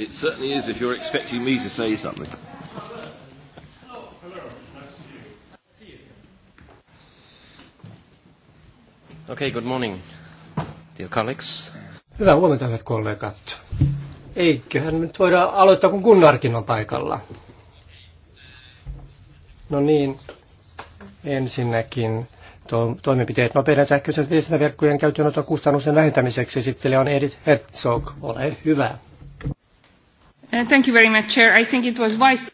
It certainly is if you're expecting me to say something. Okay, good morning, dear colleagues. Hyvää huomenta, hyvät kollegat. Eiköhän nyt voida aloittaa, kun Gunnarkin on paikalla. No niin, ensinnäkin to- toimenpiteet nopeiden sähköisen viestintäverkkojen käyttöönoton kustannusten vähentämiseksi esittelee on Edith Herzog. Ole hyvä. Uh, thank you very much, Chair. I think it was wise.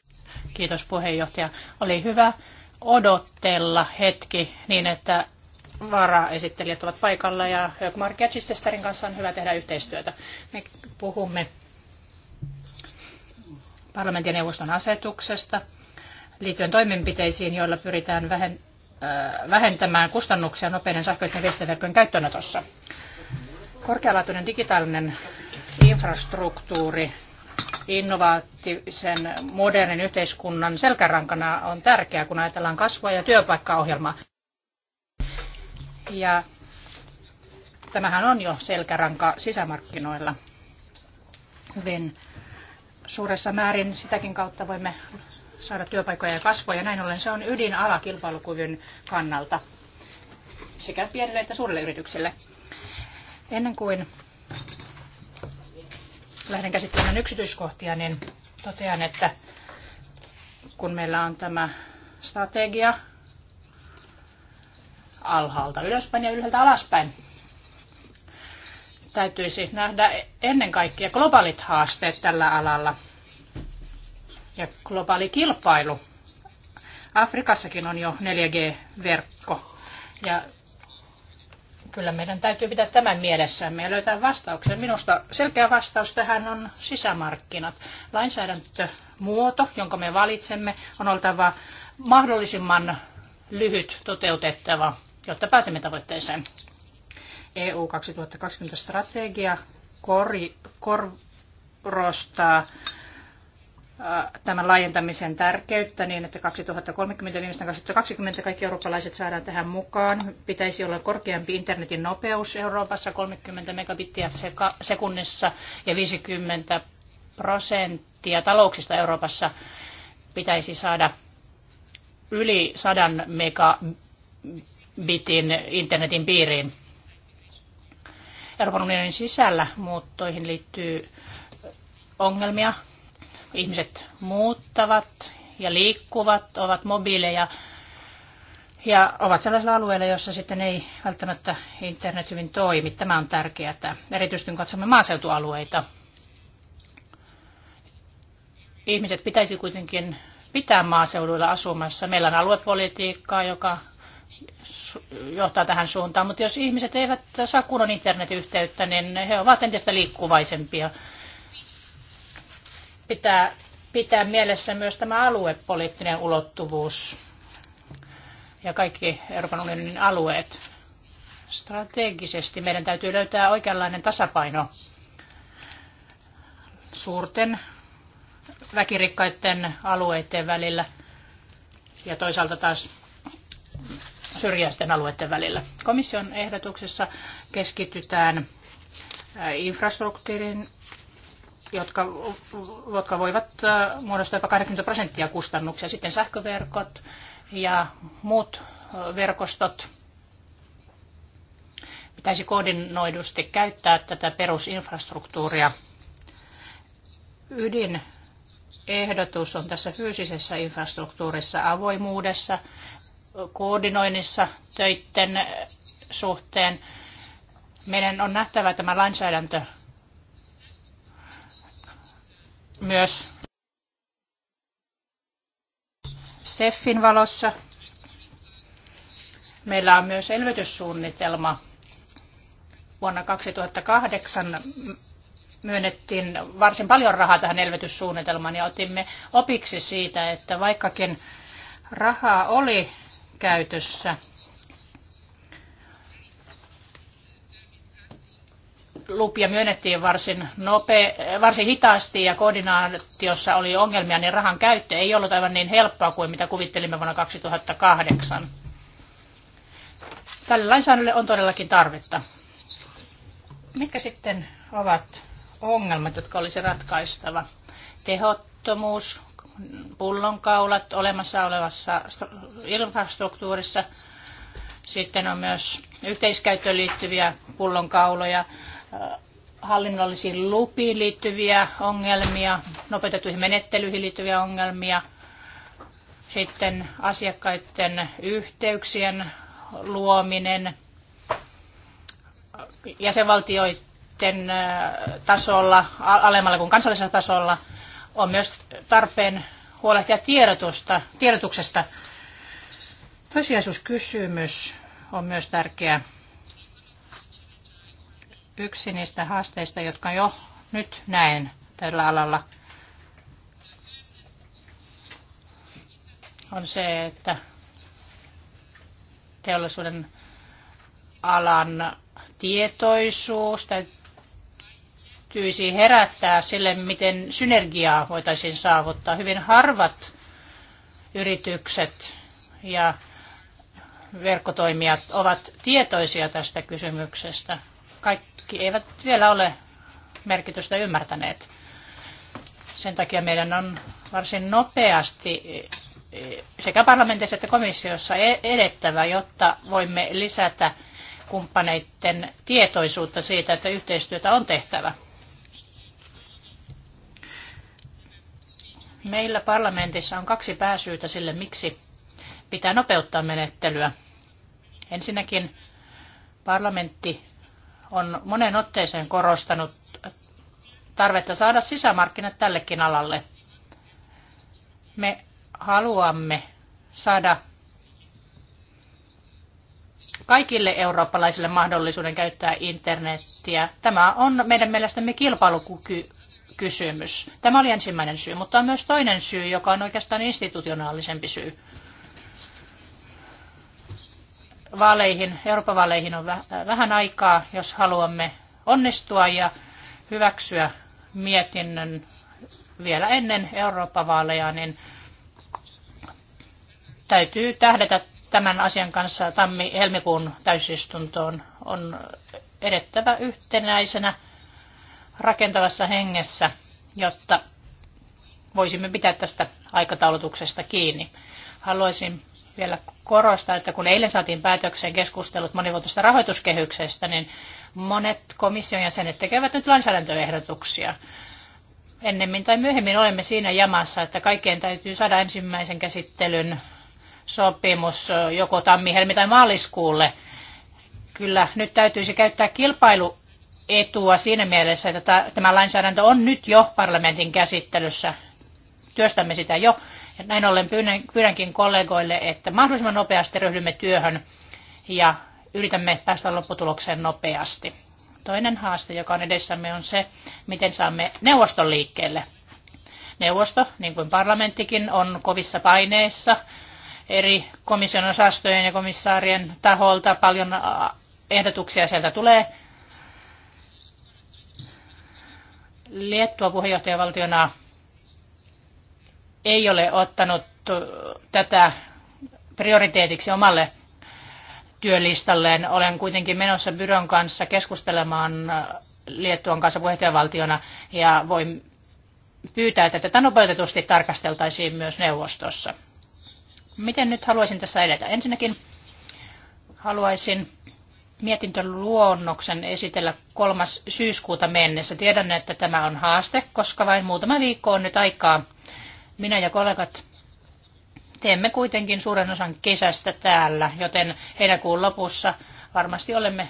Kiitos puheenjohtaja. Oli hyvä odottella hetki niin, että varaesittelijät ovat paikalla ja Mark ja Chichesterin kanssa on hyvä tehdä yhteistyötä. Me puhumme parlamentin ja neuvoston asetuksesta liittyen toimenpiteisiin, joilla pyritään äh, vähentämään kustannuksia nopeiden sähköisten viestintäverkkojen käyttöönotossa. Korkealaatuinen digitaalinen infrastruktuuri innovaatisen modernin yhteiskunnan selkärankana on tärkeää, kun ajatellaan kasvua ja työpaikkaohjelmaa. Ja tämähän on jo selkäranka sisämarkkinoilla. Hyvin suuressa määrin sitäkin kautta voimme saada työpaikkoja ja kasvua, ja näin ollen se on ydinala kilpailukyvyn kannalta sekä pienille että suurille yrityksille. Ennen kuin lähden käsittelemään yksityiskohtia, niin totean, että kun meillä on tämä strategia alhaalta ylöspäin ja ylhäältä alaspäin, täytyisi nähdä ennen kaikkea globaalit haasteet tällä alalla ja globaali kilpailu. Afrikassakin on jo 4G-verkko ja Kyllä meidän täytyy pitää tämän mielessämme ja löytää vastauksen. Minusta selkeä vastaus tähän on sisämarkkinat. Lainsäädäntömuoto, jonka me valitsemme, on oltava mahdollisimman lyhyt toteutettava, jotta pääsemme tavoitteeseen. EU 2020 strategia korostaa tämän laajentamisen tärkeyttä niin, että 2030 viimeistään 2020 kaikki eurooppalaiset saadaan tähän mukaan. Pitäisi olla korkeampi internetin nopeus Euroopassa 30 megabittiä sekunnissa ja 50 prosenttia talouksista Euroopassa pitäisi saada yli 100 megabitin internetin piiriin. Euroopan unionin sisällä muuttoihin liittyy ongelmia, Ihmiset muuttavat ja liikkuvat, ovat mobiileja ja ovat sellaisilla alueilla, jossa sitten ei välttämättä internet hyvin toimi. Tämä on tärkeää, erityisesti kun katsomme maaseutualueita. Ihmiset pitäisi kuitenkin pitää maaseuduilla asumassa. Meillä on aluepolitiikkaa, joka johtaa tähän suuntaan, mutta jos ihmiset eivät saa kunnon internetyhteyttä, niin he ovat entistä liikkuvaisempia pitää pitää mielessä myös tämä aluepoliittinen ulottuvuus ja kaikki Euroopan unionin alueet. Strategisesti meidän täytyy löytää oikeanlainen tasapaino suurten väkirikkaiden alueiden välillä ja toisaalta taas syrjäisten alueiden välillä. Komission ehdotuksessa keskitytään infrastruktuurin jotka, jotka voivat äh, muodostaa jopa 80 prosenttia kustannuksia. Sitten sähköverkot ja muut äh, verkostot pitäisi koordinoidusti käyttää tätä perusinfrastruktuuria. Ydin ehdotus on tässä fyysisessä infrastruktuurissa avoimuudessa, koordinoinnissa töiden suhteen. Meidän on nähtävä tämä lainsäädäntö myös SEFin valossa. Meillä on myös elvytyssuunnitelma. Vuonna 2008 myönnettiin varsin paljon rahaa tähän elvytyssuunnitelmaan ja otimme opiksi siitä, että vaikkakin rahaa oli käytössä, lupia myönnettiin varsin, nope, varsin hitaasti ja koordinaatiossa oli ongelmia, niin rahan käyttö ei ollut aivan niin helppoa kuin mitä kuvittelimme vuonna 2008. Tälle lainsäädännölle on todellakin tarvetta. Mitkä sitten ovat ongelmat, jotka olisi ratkaistava? Tehottomuus, pullonkaulat olemassa olevassa infrastruktuurissa. Sitten on myös yhteiskäyttöön liittyviä pullonkauloja, hallinnollisiin lupiin liittyviä ongelmia, nopeutettuihin menettelyihin liittyviä ongelmia, sitten asiakkaiden yhteyksien luominen jäsenvaltioiden tasolla, alemmalla kuin kansallisella tasolla, on myös tarpeen huolehtia tiedotusta, tiedotuksesta. Tosiasuuskysymys on myös tärkeä yksi niistä haasteista, jotka jo nyt näen tällä alalla, on se, että teollisuuden alan tietoisuus täytyisi herättää sille, miten synergiaa voitaisiin saavuttaa. Hyvin harvat yritykset ja verkkotoimijat ovat tietoisia tästä kysymyksestä kaikki eivät vielä ole merkitystä ymmärtäneet. Sen takia meidän on varsin nopeasti sekä parlamentissa että komissiossa e- edettävä, jotta voimme lisätä kumppaneiden tietoisuutta siitä, että yhteistyötä on tehtävä. Meillä parlamentissa on kaksi pääsyytä sille, miksi pitää nopeuttaa menettelyä. Ensinnäkin parlamentti on monen otteeseen korostanut tarvetta saada sisämarkkinat tällekin alalle. Me haluamme saada kaikille eurooppalaisille mahdollisuuden käyttää internettiä. Tämä on meidän mielestämme kilpailukykykysymys. Tämä oli ensimmäinen syy, mutta on myös toinen syy, joka on oikeastaan institutionaalisempi syy vaaleihin, Euroopan vaaleihin on vähän aikaa, jos haluamme onnistua ja hyväksyä mietinnön vielä ennen Euroopan vaaleja, niin täytyy tähdätä tämän asian kanssa tammi-helmikuun täysistuntoon. On edettävä yhtenäisenä rakentavassa hengessä, jotta voisimme pitää tästä aikataulutuksesta kiinni. Haluaisin vielä korostaa, että kun eilen saatiin päätökseen keskustelut monivuotisesta rahoituskehyksestä, niin monet komission jäsenet tekevät nyt lainsäädäntöehdotuksia. Ennemmin tai myöhemmin olemme siinä jamassa, että kaikkien täytyy saada ensimmäisen käsittelyn sopimus joko tammi, helmi tai maaliskuulle. Kyllä nyt täytyisi käyttää kilpailu etua siinä mielessä, että tämä lainsäädäntö on nyt jo parlamentin käsittelyssä. Työstämme sitä jo. Näin ollen pyydän, pyydänkin kollegoille, että mahdollisimman nopeasti ryhdymme työhön ja yritämme päästä lopputulokseen nopeasti. Toinen haaste, joka on edessämme, on se, miten saamme neuvoston liikkeelle. Neuvosto, niin kuin parlamenttikin, on kovissa paineissa eri komission osastojen ja komissaarien taholta. Paljon ehdotuksia sieltä tulee. Liettua puheenjohtajavaltiona ei ole ottanut äh, tätä prioriteetiksi omalle työlistalleen. Olen kuitenkin menossa Byron kanssa keskustelemaan äh, Liettuan kanssa puheenjohtajavaltiona ja voin pyytää, että tätä nopeutetusti tarkasteltaisiin myös neuvostossa. Miten nyt haluaisin tässä edetä? Ensinnäkin haluaisin mietintöluonnoksen esitellä kolmas syyskuuta mennessä. Tiedän, että tämä on haaste, koska vain muutama viikko on nyt aikaa minä ja kollegat teemme kuitenkin suuren osan kesästä täällä, joten heinäkuun lopussa varmasti olemme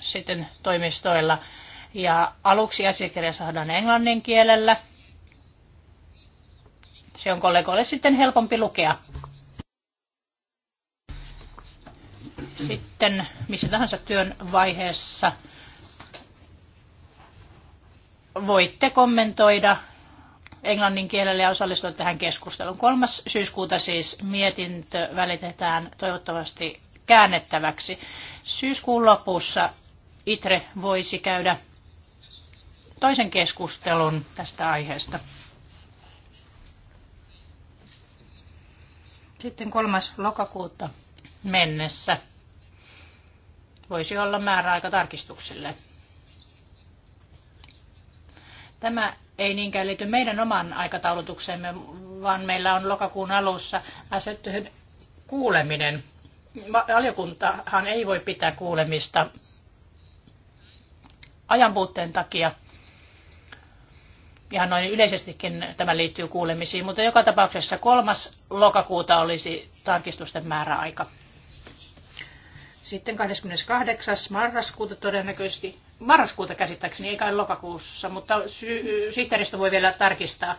sitten toimistoilla. Ja aluksi asiakirja saadaan englannin kielellä. Se on kollegoille sitten helpompi lukea. Sitten missä tahansa työn vaiheessa voitte kommentoida englannin kielellä ja osallistua tähän keskusteluun. 3. syyskuuta siis mietintö välitetään toivottavasti käännettäväksi. Syyskuun lopussa ITRE voisi käydä toisen keskustelun tästä aiheesta. Sitten 3. lokakuuta mennessä voisi olla määräaika tarkistuksille. Tämä ei niinkään liity meidän oman aikataulutuksemme, vaan meillä on lokakuun alussa asetettu kuuleminen. Valiokuntahan ei voi pitää kuulemista ajanpuutteen takia. Ihan noin yleisestikin tämä liittyy kuulemisiin, mutta joka tapauksessa kolmas lokakuuta olisi tarkistusten määräaika. Sitten 28. marraskuuta todennäköisesti, marraskuuta käsittääkseni, ei kai lokakuussa, mutta sy- sihteeristö voi vielä tarkistaa.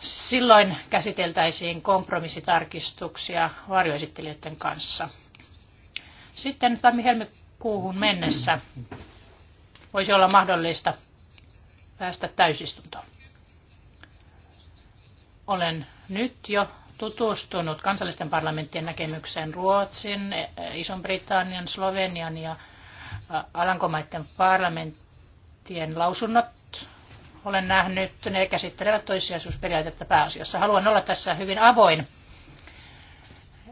Silloin käsiteltäisiin kompromissitarkistuksia varjoesittelijöiden kanssa. Sitten tammi-helmikuuhun mennessä voisi olla mahdollista päästä täysistuntoon. Olen nyt jo tutustunut kansallisten parlamenttien näkemykseen Ruotsin, e, e, Ison-Britannian, Slovenian ja Alankomaiden parlamenttien lausunnot. Olen nähnyt, ne käsittelevät toissijaisuusperiaatetta pääasiassa. Haluan olla tässä hyvin avoin.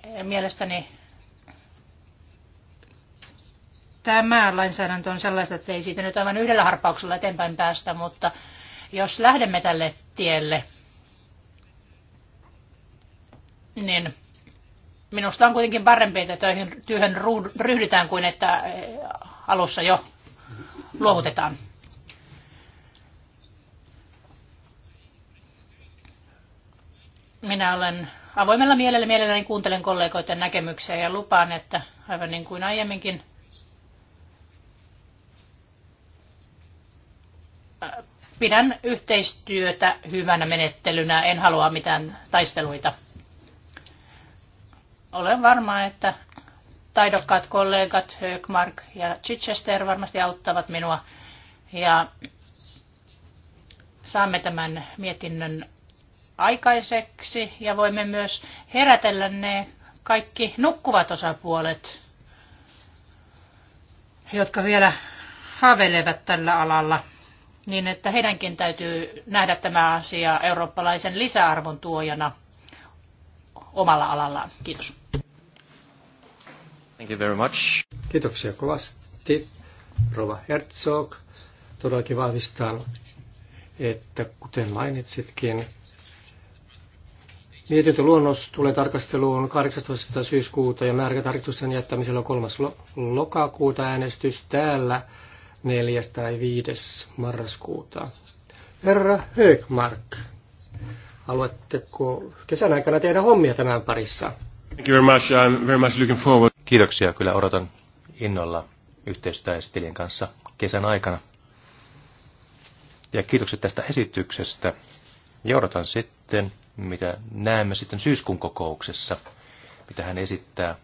E, mielestäni tämä lainsäädäntö on sellaista, että ei siitä nyt aivan yhdellä harppauksella eteenpäin päästä, mutta jos lähdemme tälle tielle, niin minusta on kuitenkin parempi, että töihin, työhön ryhdytään kuin että eh, alussa jo luovutetaan. Minä olen avoimella mielellä mielelläni kuuntelen kollegoiden näkemyksiä ja lupaan, että aivan niin kuin aiemminkin eh, pidän yhteistyötä hyvänä menettelynä, en halua mitään taisteluita olen varma, että taidokkaat kollegat Högmark ja Chichester varmasti auttavat minua. Ja saamme tämän mietinnön aikaiseksi ja voimme myös herätellä ne kaikki nukkuvat osapuolet, jotka vielä havelevat tällä alalla, niin että heidänkin täytyy nähdä tämä asia eurooppalaisen lisäarvon tuojana omalla alallaan. Kiitos. Thank you very much. Kiitoksia kovasti. Rova Herzog todellakin vahvistaa, että kuten mainitsitkin, Mietintöluonnos tulee tarkasteluun 18. syyskuuta ja määrätarkistusten jättämisellä on 3. lokakuuta äänestys täällä 4. tai 5. marraskuuta. Herra Högmark, haluatteko kesän aikana tehdä hommia tämän parissa? Thank you very much. I'm very much looking forward. Kiitoksia, kyllä odotan innolla yhteistyötä esittelijän kanssa kesän aikana. Ja kiitokset tästä esityksestä. Ja odotan sitten, mitä näemme sitten syyskuun kokouksessa, mitä hän esittää.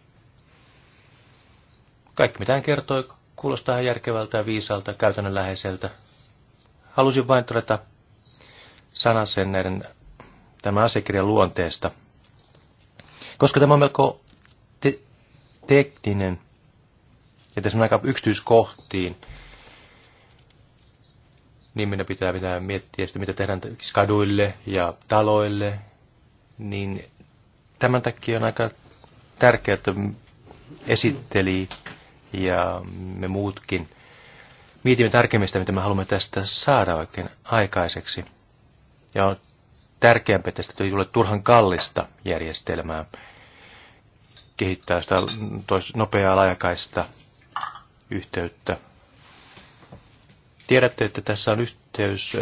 Kaikki mitä hän kertoi kuulostaa järkevältä ja viisalta, käytännönläheiseltä. Halusin vain todeta sanan sen näiden tämän asiakirjan luonteesta, koska tämä on melko tekninen, ja tässä on aika yksityiskohtiin, niin meidän pitää, pitää miettiä sitä, mitä tehdään siis kaduille ja taloille, niin tämän takia on aika tärkeää, että esitteli ja me muutkin mietimme tarkemmin sitä, mitä me haluamme tästä saada oikein aikaiseksi. Ja on tärkeämpää, että tästä ei tule turhan kallista järjestelmää, kehittää sitä tois, nopeaa laajakaista yhteyttä. Tiedätte, että tässä on yhteys,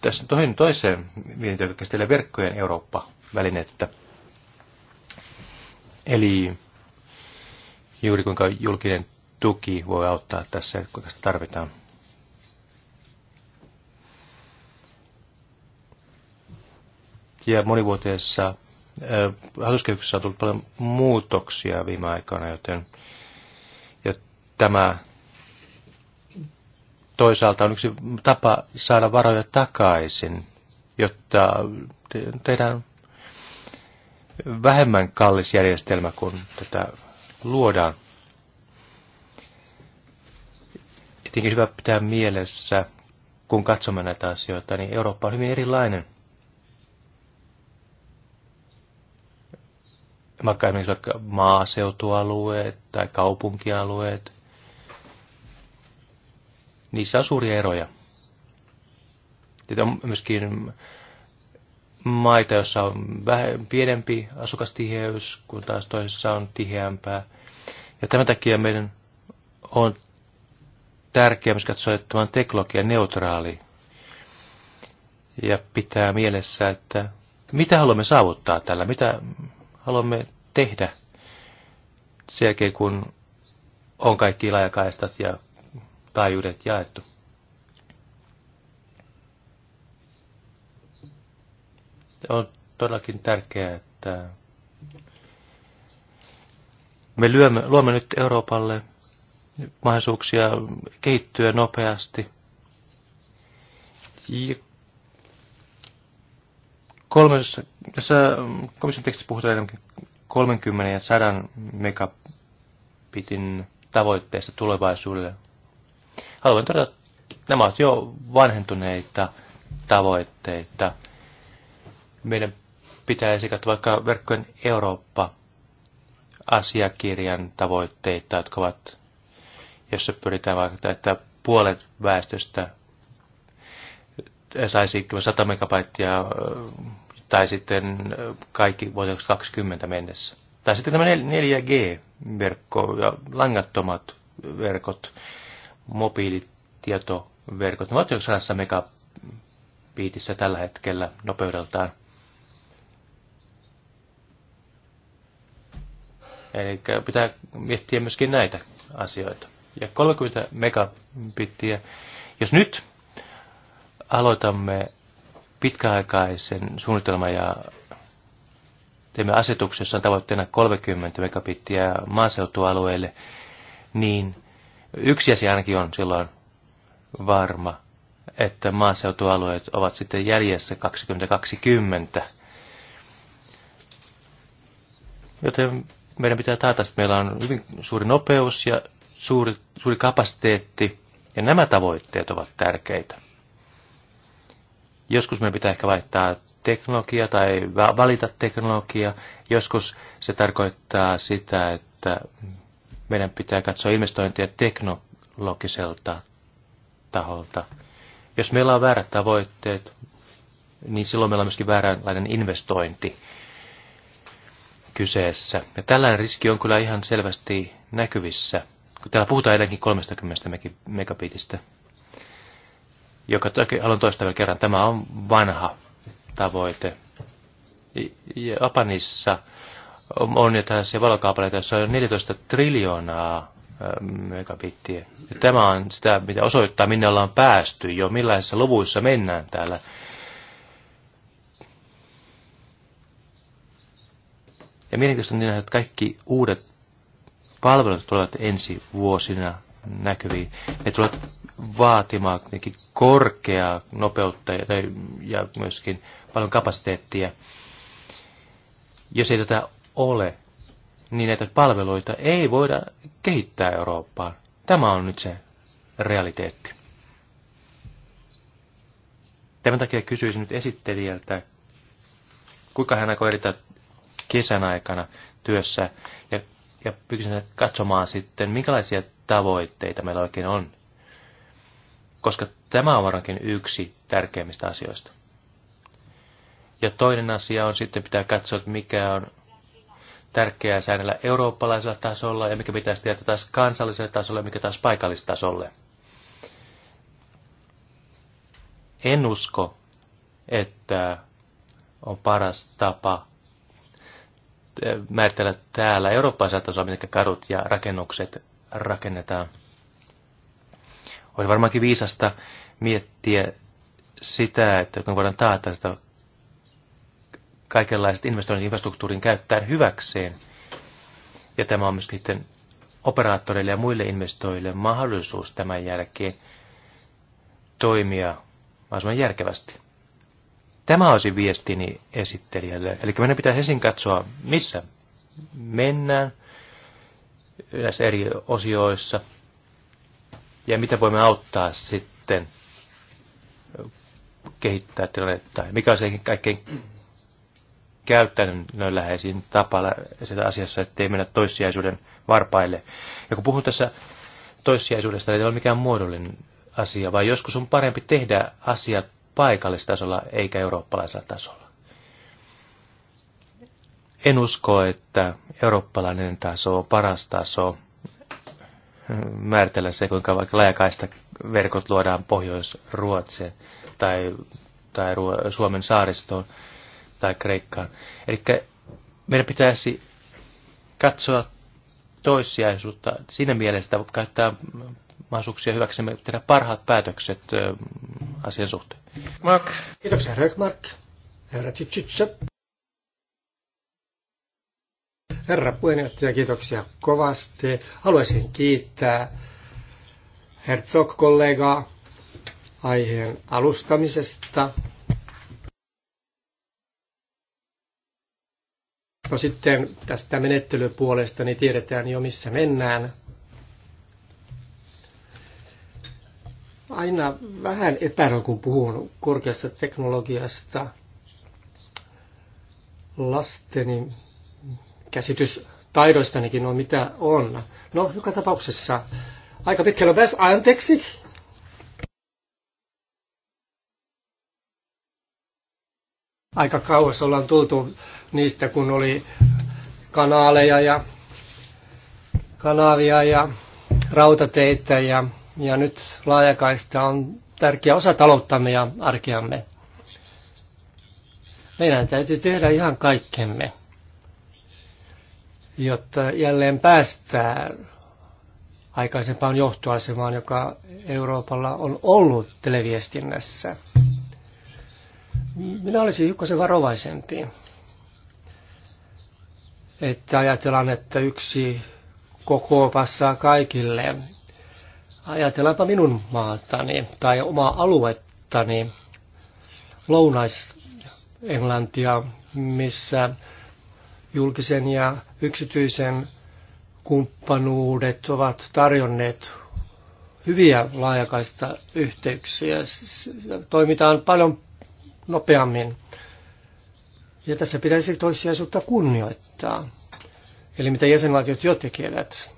tässä toinen toiseen mietintöön, joka käsittelee verkkojen Eurooppa-välinettä. Eli juuri kuinka julkinen tuki voi auttaa tässä, kuinka sitä tarvitaan. Ja monivuotiaissa hallituskehyksessä on tullut paljon muutoksia viime aikoina, joten ja tämä toisaalta on yksi tapa saada varoja takaisin, jotta tehdään vähemmän kallis järjestelmä, kun tätä luodaan. Tietenkin hyvä pitää mielessä, kun katsomme näitä asioita, niin Eurooppa on hyvin erilainen – vaikka esimerkiksi vaikka maaseutualueet tai kaupunkialueet, niissä on suuria eroja. Sitten on myöskin maita, joissa on vähän pienempi asukastiheys, kun taas toisessa on tiheämpää. Ja tämän takia meidän on tärkeää myös katsoa, että on teknologia neutraali. Ja pitää mielessä, että mitä haluamme saavuttaa tällä, mitä haluamme tehdä sen jälkeen, kun on kaikki laajakaistat ja taajuudet jaettu. On todellakin tärkeää, että me lyömme, luomme nyt Euroopalle mahdollisuuksia kehittyä nopeasti. Kolmessa, tässä komission tekstissä puhutaan 30 ja 100 megabitin tavoitteesta tulevaisuudelle. Haluan todeta, että nämä ovat jo vanhentuneita tavoitteita. Meidän pitäisi katsoa vaikka verkkojen Eurooppa-asiakirjan tavoitteita, jotka ovat, jossa pyritään vaikka, että puolet väestöstä saisi 100 megabaittia tai sitten kaikki vuoteen 20 mennessä. Tai sitten tämä 4G-verkko ja langattomat verkot, mobiilitietoverkot, ne ovat jo 100 megabiitissä tällä hetkellä nopeudeltaan. Eli pitää miettiä myöskin näitä asioita. Ja 30 megabittiä, jos nyt aloitamme pitkäaikaisen suunnitelman ja teemme asetuksessa tavoitteena 30 megabittiä maaseutualueelle. niin yksi asia ainakin on silloin varma, että maaseutualueet ovat sitten jäljessä 2020. Joten meidän pitää taata, että meillä on hyvin suuri nopeus ja suuri, suuri kapasiteetti, ja nämä tavoitteet ovat tärkeitä. Joskus meidän pitää ehkä vaihtaa teknologia tai valita teknologia. Joskus se tarkoittaa sitä, että meidän pitää katsoa investointeja teknologiselta taholta. Jos meillä on väärät tavoitteet, niin silloin meillä on myöskin vääränlainen investointi kyseessä. Ja tällainen riski on kyllä ihan selvästi näkyvissä. Täällä puhutaan edelleenkin 30 megabitistä joka haluan toistaa vielä kerran, tämä on vanha tavoite. Japanissa on jo tällaisia valokaapaleita, joissa on 14 triljoonaa megabittiä. Ja tämä on sitä, mitä osoittaa, minne ollaan päästy jo, millaisissa luvuissa mennään täällä. Ja mielenkiintoista on niin, että kaikki uudet palvelut tulevat ensi vuosina näkyviin. Ne tulevat vaatimaan korkeaa nopeutta ja myöskin paljon kapasiteettia. Jos ei tätä ole, niin näitä palveluita ei voida kehittää Eurooppaan. Tämä on nyt se realiteetti. Tämän takia kysyisin nyt esittelijältä, kuinka hän aikoo edetä kesän aikana työssä ja, ja pyysin katsomaan sitten, minkälaisia tavoitteita meillä oikein on koska tämä on varmaankin yksi tärkeimmistä asioista. Ja toinen asia on sitten pitää katsoa, että mikä on tärkeää säännellä eurooppalaisella tasolla ja mikä pitäisi tietää taas kansalliselle tasolle ja mikä taas paikallistasolle. En usko, että on paras tapa eh, määritellä täällä eurooppalaisella tasolla, miten kadut ja rakennukset rakennetaan – on varmaankin viisasta miettiä sitä, että kun voidaan taata sitä kaikenlaiset investoinnit infrastruktuurin käyttäen hyväkseen. Ja tämä on myöskin sitten operaattoreille ja muille investoijille mahdollisuus tämän jälkeen toimia mahdollisimman järkevästi. Tämä olisi viestini esittelijälle. Eli meidän pitää ensin katsoa, missä mennään näissä eri osioissa – ja mitä voimme auttaa sitten kehittää tilannetta. Mikä on se kaikkein käytännön läheisin tapa sitä asiassa, ettei mennä toissijaisuuden varpaille. Ja kun puhun tässä toissijaisuudesta, niin ei ole mikään muodollinen asia, vaan joskus on parempi tehdä asiat paikallistasolla eikä eurooppalaisella tasolla. En usko, että eurooppalainen taso on paras taso määritellä se, kuinka vaikka laajakaista verkot luodaan Pohjois-Ruotsiin tai, tai Suomen saaristoon tai Kreikkaan. Eli meidän pitäisi katsoa toissijaisuutta siinä mielessä, että käyttää mahdollisuuksia hyväksemme tehdä parhaat päätökset asian suhteen. Mark. Kiitoksia, Rökmark. Herra Herra puheenjohtaja, kiitoksia kovasti. Haluaisin kiittää Herzog-kollegaa aiheen alustamisesta. No sitten tästä menettelypuolesta niin tiedetään jo missä mennään. Aina vähän epäröin, kun puhun korkeasta teknologiasta lasteni käsitys taidoistanikin on mitä on. No, joka tapauksessa aika pitkällä pääs. Anteeksi, aika kauas ollaan tultu niistä, kun oli kanaaleja ja kanavia ja rautateitä ja, ja nyt laajakaista on tärkeä osa talouttamme ja arkeamme. Meidän täytyy tehdä ihan kaikkemme jotta jälleen päästään aikaisempaan johtoasemaan, joka Euroopalla on ollut televiestinnässä. Minä olisin hiukkasen varovaisempi. Että ajatellaan, että yksi koko passaa kaikille. Ajatellaanpa minun maatani tai omaa aluettani, Lounais-Englantia, missä julkisen ja yksityisen kumppanuudet ovat tarjonneet hyviä laajakaista yhteyksiä. Siis toimitaan paljon nopeammin. Ja tässä pitäisi toissijaisuutta kunnioittaa. Eli mitä jäsenvaltiot jo tekevät.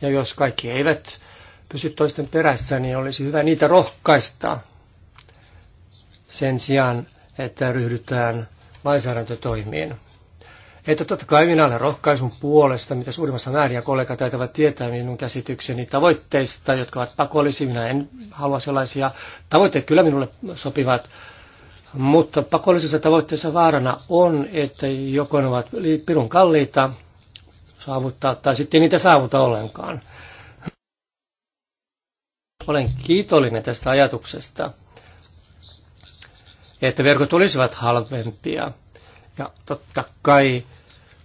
Ja jos kaikki eivät pysy toisten perässä, niin olisi hyvä niitä rohkaista sen sijaan, että ryhdytään lainsäädäntötoimiin. Että totta kai minä olen rohkaisun puolesta, mitä suurimmassa määrin ja kollega taitavat tietää minun käsitykseni tavoitteista, jotka ovat pakollisia. Minä en halua sellaisia. tavoitteita, kyllä minulle sopivat, mutta pakollisissa tavoitteissa vaarana on, että joko ne ovat pirun kalliita saavuttaa tai sitten niitä saavuta ollenkaan. Olen kiitollinen tästä ajatuksesta että verkot olisivat halvempia. Ja totta kai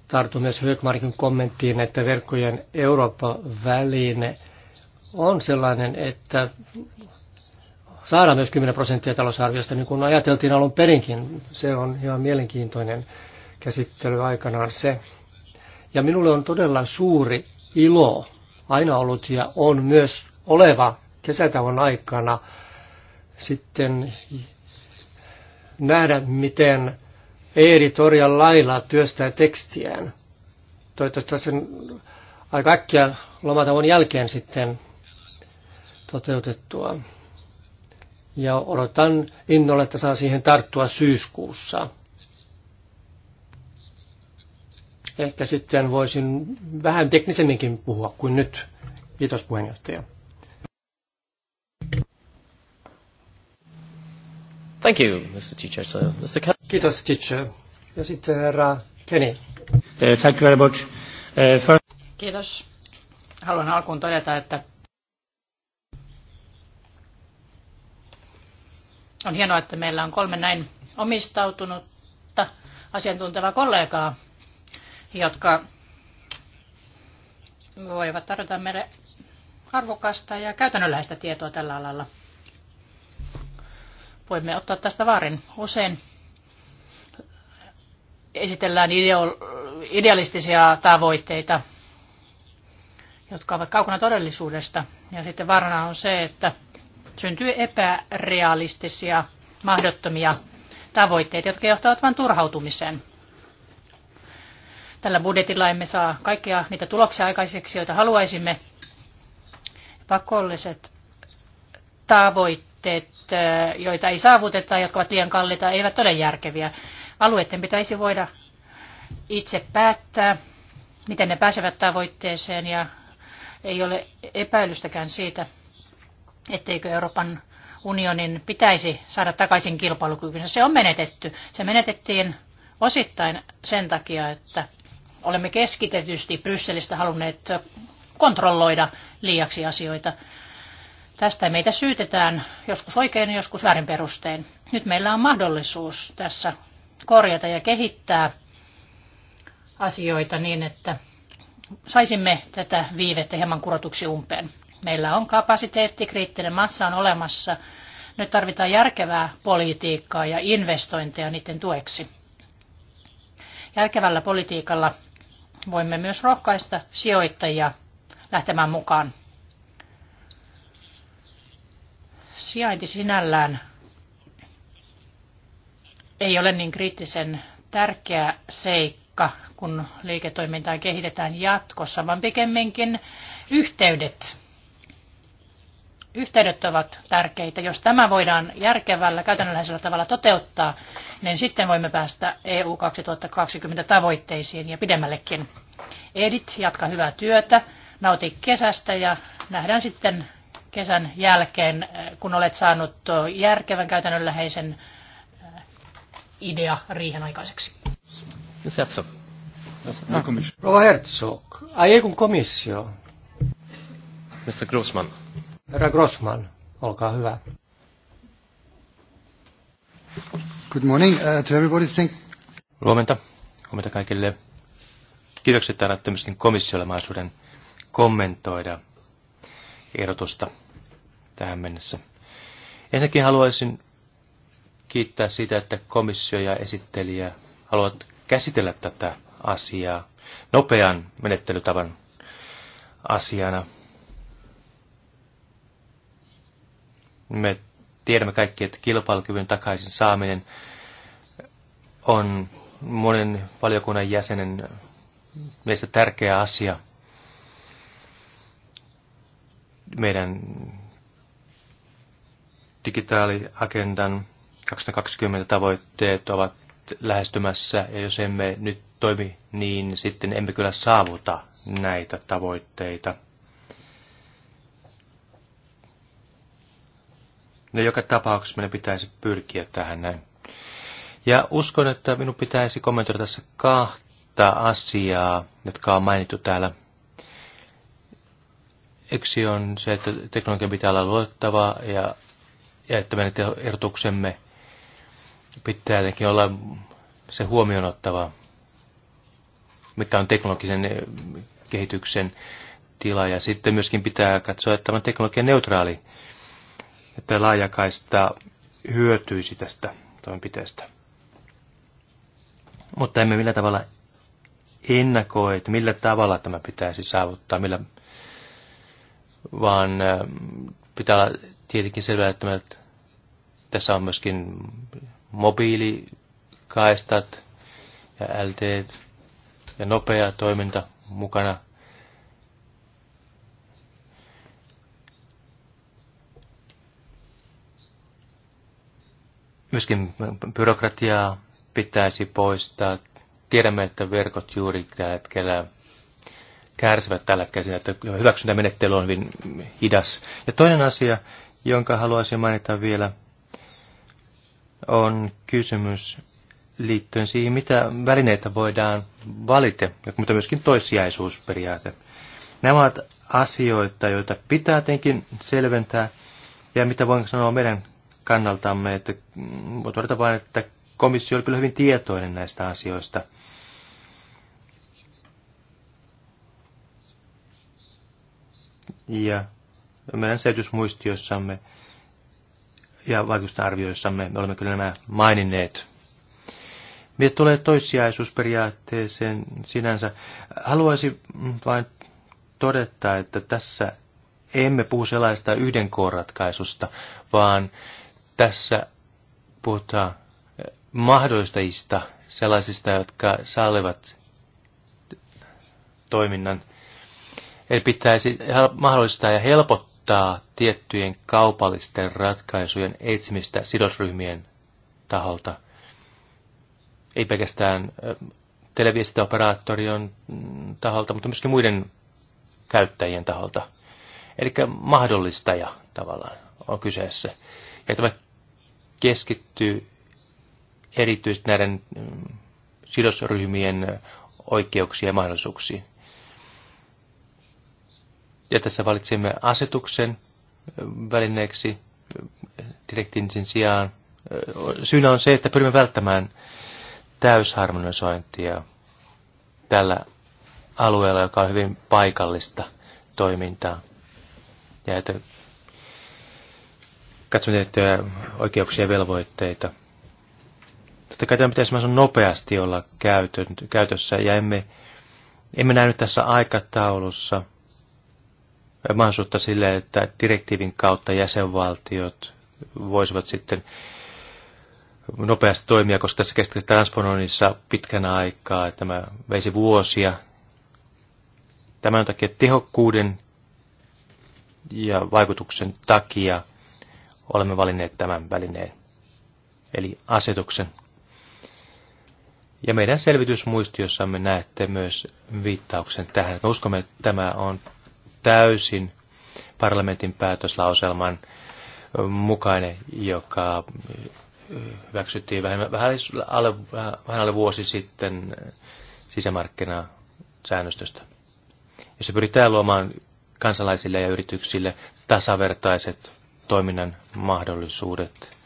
tartun myös Högmarkin kommenttiin, että verkkojen Euroopan väline on sellainen, että saadaan myös 10 prosenttia talousarviosta, niin kuin ajateltiin alun perinkin. Se on ihan mielenkiintoinen käsittely aikanaan se. Ja minulle on todella suuri ilo aina ollut ja on myös oleva kesätauon aikana sitten nähdä, miten Eeri Torjan lailla työstää tekstiään. Toivottavasti sen aika äkkiä lomatavon jälkeen sitten toteutettua. Ja odotan innolla, että saa siihen tarttua syyskuussa. Ehkä sitten voisin vähän teknisemminkin puhua kuin nyt. Kiitos puheenjohtaja. Thank you, Mr. Teacher. So, Mr. Ken- Kiitos, teacher. Ja sitten herra Kenny. Uh, thank you very much. Uh, Kiitos. Haluan alkuun todeta, että on hienoa, että meillä on kolme näin omistautunutta asiantuntevaa kollegaa, jotka voivat tarjota meille arvokasta ja käytännönläheistä tietoa tällä alalla voimme ottaa tästä vaarin. Usein esitellään ideo, idealistisia tavoitteita, jotka ovat kaukana todellisuudesta. Ja sitten vaarana on se, että syntyy epärealistisia, mahdottomia tavoitteita, jotka johtavat vain turhautumiseen. Tällä budjetilla emme saa kaikkia niitä tuloksia aikaiseksi, joita haluaisimme. Pakolliset tavoitteet Äh, joita ei saavuteta, jotka ovat liian kalliita, eivät ole järkeviä. Alueiden pitäisi voida itse päättää, miten ne pääsevät tavoitteeseen ja ei ole epäilystäkään siitä, etteikö Euroopan unionin pitäisi saada takaisin kilpailukykynsä. Se on menetetty. Se menetettiin osittain sen takia, että olemme keskitetysti Brysselistä halunneet kontrolloida liiaksi asioita. Tästä meitä syytetään joskus oikein ja joskus väärin perustein. Nyt meillä on mahdollisuus tässä korjata ja kehittää asioita niin, että saisimme tätä viivettä hieman kurotuksi umpeen. Meillä on kapasiteetti, kriittinen massa on olemassa. Nyt tarvitaan järkevää politiikkaa ja investointeja niiden tueksi. Järkevällä politiikalla voimme myös rohkaista sijoittajia lähtemään mukaan sijainti sinällään ei ole niin kriittisen tärkeä seikka, kun liiketoimintaa kehitetään jatkossa, vaan pikemminkin yhteydet. Yhteydet ovat tärkeitä. Jos tämä voidaan järkevällä, käytännönläheisellä tavalla toteuttaa, niin sitten voimme päästä EU 2020 tavoitteisiin ja pidemmällekin. Edit, jatka hyvää työtä, nauti kesästä ja nähdään sitten kesän jälkeen, eh, kun olet saanut eh, järkevän käytännönläheisen eh, idea riihen aikaiseksi? No, Rova Herzog. Ai ei kun komissio. Mr. Grossman. Herra Grossman, olkaa hyvä. Good morning uh, to everybody. Thank... Huomenta. Huomenta kaikille. Kiitokset, että annatte myöskin komissiolle mahdollisuuden kommentoida ehdotusta tähän mennessä. Ensinnäkin haluaisin kiittää sitä, että komissio ja esittelijä haluavat käsitellä tätä asiaa nopean menettelytavan asiana. Me tiedämme kaikki, että kilpailukyvyn takaisin saaminen on monen valiokunnan jäsenen meistä tärkeä asia meidän digitaaliagendan 2020 tavoitteet ovat lähestymässä, ja jos emme nyt toimi niin, sitten emme kyllä saavuta näitä tavoitteita. No joka tapauksessa meidän pitäisi pyrkiä tähän näin. Ja uskon, että minun pitäisi kommentoida tässä kahta asiaa, jotka on mainittu täällä. Yksi on se, että teknologia pitää olla luottavaa ja ja että meidän ehdotuksemme pitää jotenkin olla se huomioon ottava, mitä on teknologisen eh, kehityksen tila. Ja sitten myöskin pitää katsoa, että tämä on teknologian neutraali, että laajakaista hyötyisi tästä toimenpiteestä. Mutta emme millä tavalla ennakoi, että millä tavalla tämä pitäisi saavuttaa, millä, vaan eh, pitää olla tietenkin selvää, että tässä on myöskin mobiilikaistat ja LT ja nopea toiminta mukana. Myöskin byrokratiaa pitäisi poistaa. Tiedämme, että verkot juuri tällä hetkellä kärsivät tällä hetkellä siitä, että hyväksyntämenettely on hyvin hidas. Ja toinen asia, jonka haluaisin mainita vielä, on kysymys liittyen siihen, mitä välineitä voidaan valita, mutta myöskin toissijaisuusperiaate. Nämä ovat asioita, joita pitää tietenkin selventää, ja mitä voin sanoa meidän kannaltamme, että voi todeta vain, että komissio oli kyllä hyvin tietoinen näistä asioista – ja meidän selitysmuistiossamme ja vaikutusten arvioissamme me olemme kyllä nämä maininneet. Mitä tulee toissijaisuusperiaatteeseen sinänsä, haluaisin vain todeta, että tässä emme puhu sellaista yhden ratkaisusta, vaan tässä puhutaan mahdollistajista, sellaisista, jotka sallivat toiminnan – Eli pitäisi mahdollistaa ja helpottaa tiettyjen kaupallisten ratkaisujen etsimistä sidosryhmien taholta. Ei pelkästään televiestintäoperaattorion mm, taholta, mutta myöskin muiden käyttäjien taholta. Eli mahdollistaja tavallaan on kyseessä. Ja tämä keskittyy erityisesti näiden mm, sidosryhmien oikeuksiin ja mahdollisuuksiin. Ja tässä valitsimme asetuksen välineeksi direktiinsin sijaan. Syynä on se, että pyrimme välttämään täysharmonisointia tällä alueella, joka on hyvin paikallista toimintaa. Ja että katsomme tiettyjä oikeuksia ja velvoitteita. Totta kai tämä pitäisi nopeasti olla käytössä ja emme, emme näy tässä aikataulussa – mahdollisuutta sille, että direktiivin kautta jäsenvaltiot voisivat sitten nopeasti toimia, koska tässä kesti transponoinnissa pitkän aikaa, tämä veisi vuosia. Tämän takia tehokkuuden ja vaikutuksen takia olemme valinneet tämän välineen, eli asetuksen. Ja meidän selvitysmuistiossamme näette myös viittauksen tähän. uskomme, että tämä on täysin parlamentin päätöslauselman mukainen, joka hyväksyttiin vähän, vähän, alle, vähän alle vuosi sitten sisämarkkinasäännöstöstä, jossa pyritään luomaan kansalaisille ja yrityksille tasavertaiset toiminnan mahdollisuudet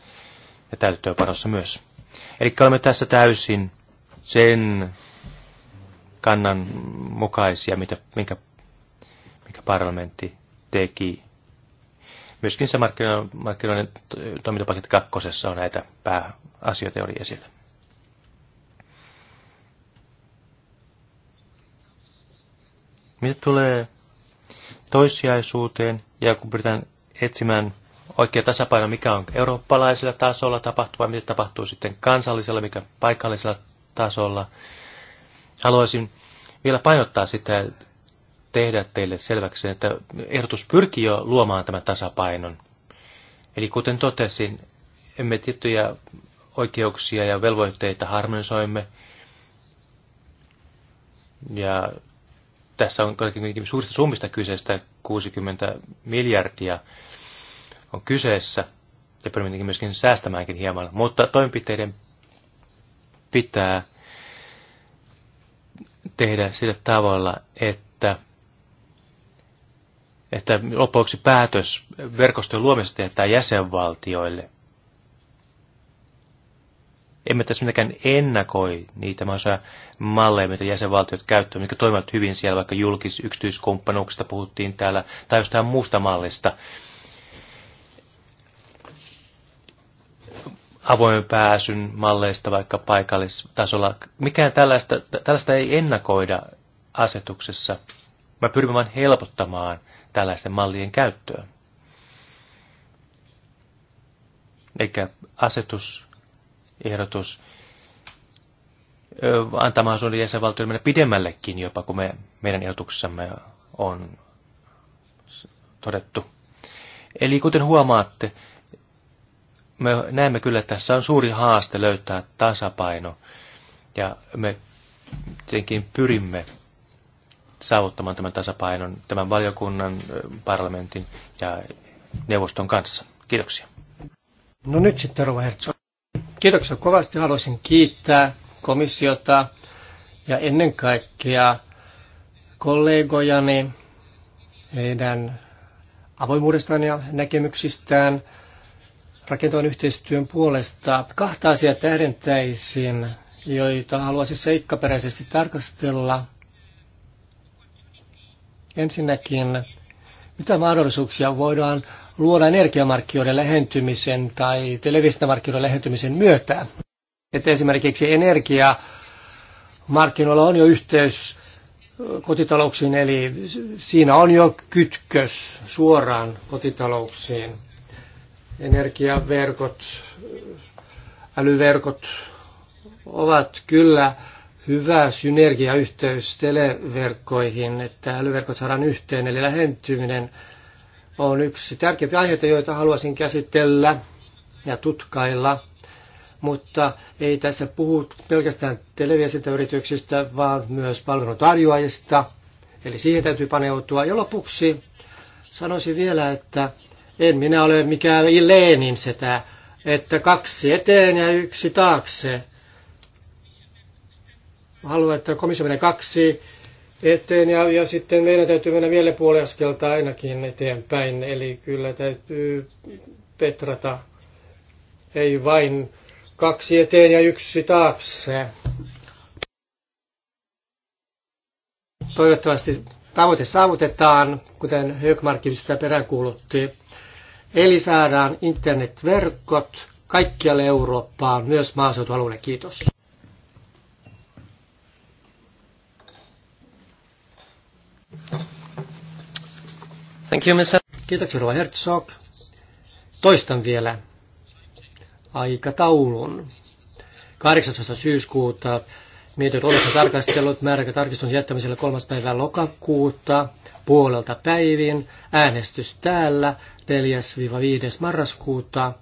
ja täyttöönpanossa myös. Eli olemme tässä täysin sen kannan mukaisia, mitä, minkä mikä parlamentti teki. Myöskin se markkinoiden toimintapaketti kakkosessa on näitä pääasioita oli esillä. Mitä tulee toissijaisuuteen ja kun pyritään etsimään oikea tasapaino, mikä on eurooppalaisella tasolla tapahtuva, mitä tapahtuu sitten kansallisella, mikä paikallisella tasolla. Haluaisin vielä painottaa sitä, tehdä teille selväksi, että ehdotus pyrkii jo luomaan tämän tasapainon. Eli kuten totesin, emme tiettyjä oikeuksia ja velvoitteita harmonisoimme. Ja tässä on kuitenkin suurista summista kyseistä, 60 miljardia on kyseessä, ja pyrimme myöskin säästämäänkin hieman, mutta toimenpiteiden pitää tehdä sillä tavalla, että että lopuksi päätös verkostojen luomisesta tehdään jäsenvaltioille. Emme tässä mitenkään ennakoi niitä mahdollisia malleja, mitä jäsenvaltiot käyttävät, mikä toimivat hyvin siellä, vaikka julkis- yksityiskumppanuuksista puhuttiin täällä, tai jostain muusta mallista. avoimen pääsyn malleista vaikka paikallistasolla. Mikään tällaista, tällaista ei ennakoida asetuksessa. Mä pyrimme vain helpottamaan tällaisten mallien käyttöä. Eikä asetus, ehdotus, antaa mahdollisuuden jäsenvaltioille mennä pidemmällekin jopa, kun me, meidän ehdotuksessamme on todettu. Eli kuten huomaatte, me näemme kyllä, että tässä on suuri haaste löytää tasapaino, ja me tietenkin pyrimme saavuttamaan tämän tasapainon tämän valiokunnan, parlamentin ja neuvoston kanssa. Kiitoksia. No nyt sitten Rova Herzog. Kiitoksia kovasti. Haluaisin kiittää komissiota ja ennen kaikkea kollegojani heidän avoimuudestaan ja näkemyksistään rakentavan yhteistyön puolesta. Kahta asiaa tähdentäisin, joita haluaisin seikkaperäisesti tarkastella – Ensinnäkin, mitä mahdollisuuksia voidaan luoda energiamarkkinoiden lähentymisen tai televisiomarkkinoiden lähentymisen myötä? Että esimerkiksi energiamarkkinoilla on jo yhteys kotitalouksiin, eli siinä on jo kytkös suoraan kotitalouksiin. Energiaverkot, älyverkot ovat kyllä hyvä synergiayhteys televerkkoihin, että älyverkot saadaan yhteen, eli lähentyminen on yksi tärkeimpiä aiheita, joita haluaisin käsitellä ja tutkailla. Mutta ei tässä puhu pelkästään televiestintäyrityksistä, vaan myös palveluntarjoajista. Eli siihen täytyy paneutua. Ja lopuksi sanoisin vielä, että en minä ole mikään Lenin setä, että kaksi eteen ja yksi taakse haluan, että komissio menee kaksi eteen ja, ja sitten meidän täytyy mennä vielä puoli askelta ainakin eteenpäin. Eli kyllä täytyy petrata, ei vain kaksi eteen ja yksi taakse. Toivottavasti tavoite saavutetaan, kuten Höökmarkki sitä peräänkuulutti. Eli saadaan internetverkot kaikkialle Eurooppaan, myös maaseutualueelle. Kiitos. Thank you, Mr. Kiitoksia, Rova Herzog. Toistan vielä aikataulun. 18. syyskuuta mietit olisi tarkastellut määräkä tarkistus jättämisellä 3. päivää lokakuuta puolelta päivin. Äänestys täällä 4-5. marraskuuta.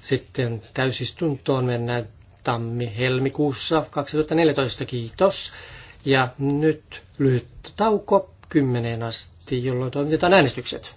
Sitten täysistuntoon mennään tammi-helmikuussa 2014. Kiitos. Ja nyt lyhyt tauko 10 asti jolloin toimitetaan äänestykset.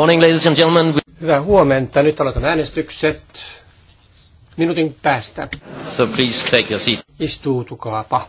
morning, ladies and gentlemen. Hyvää huomenta. Nyt aloitan äänestykset minuutin päästä. So please take your seat. Istuutukaapa.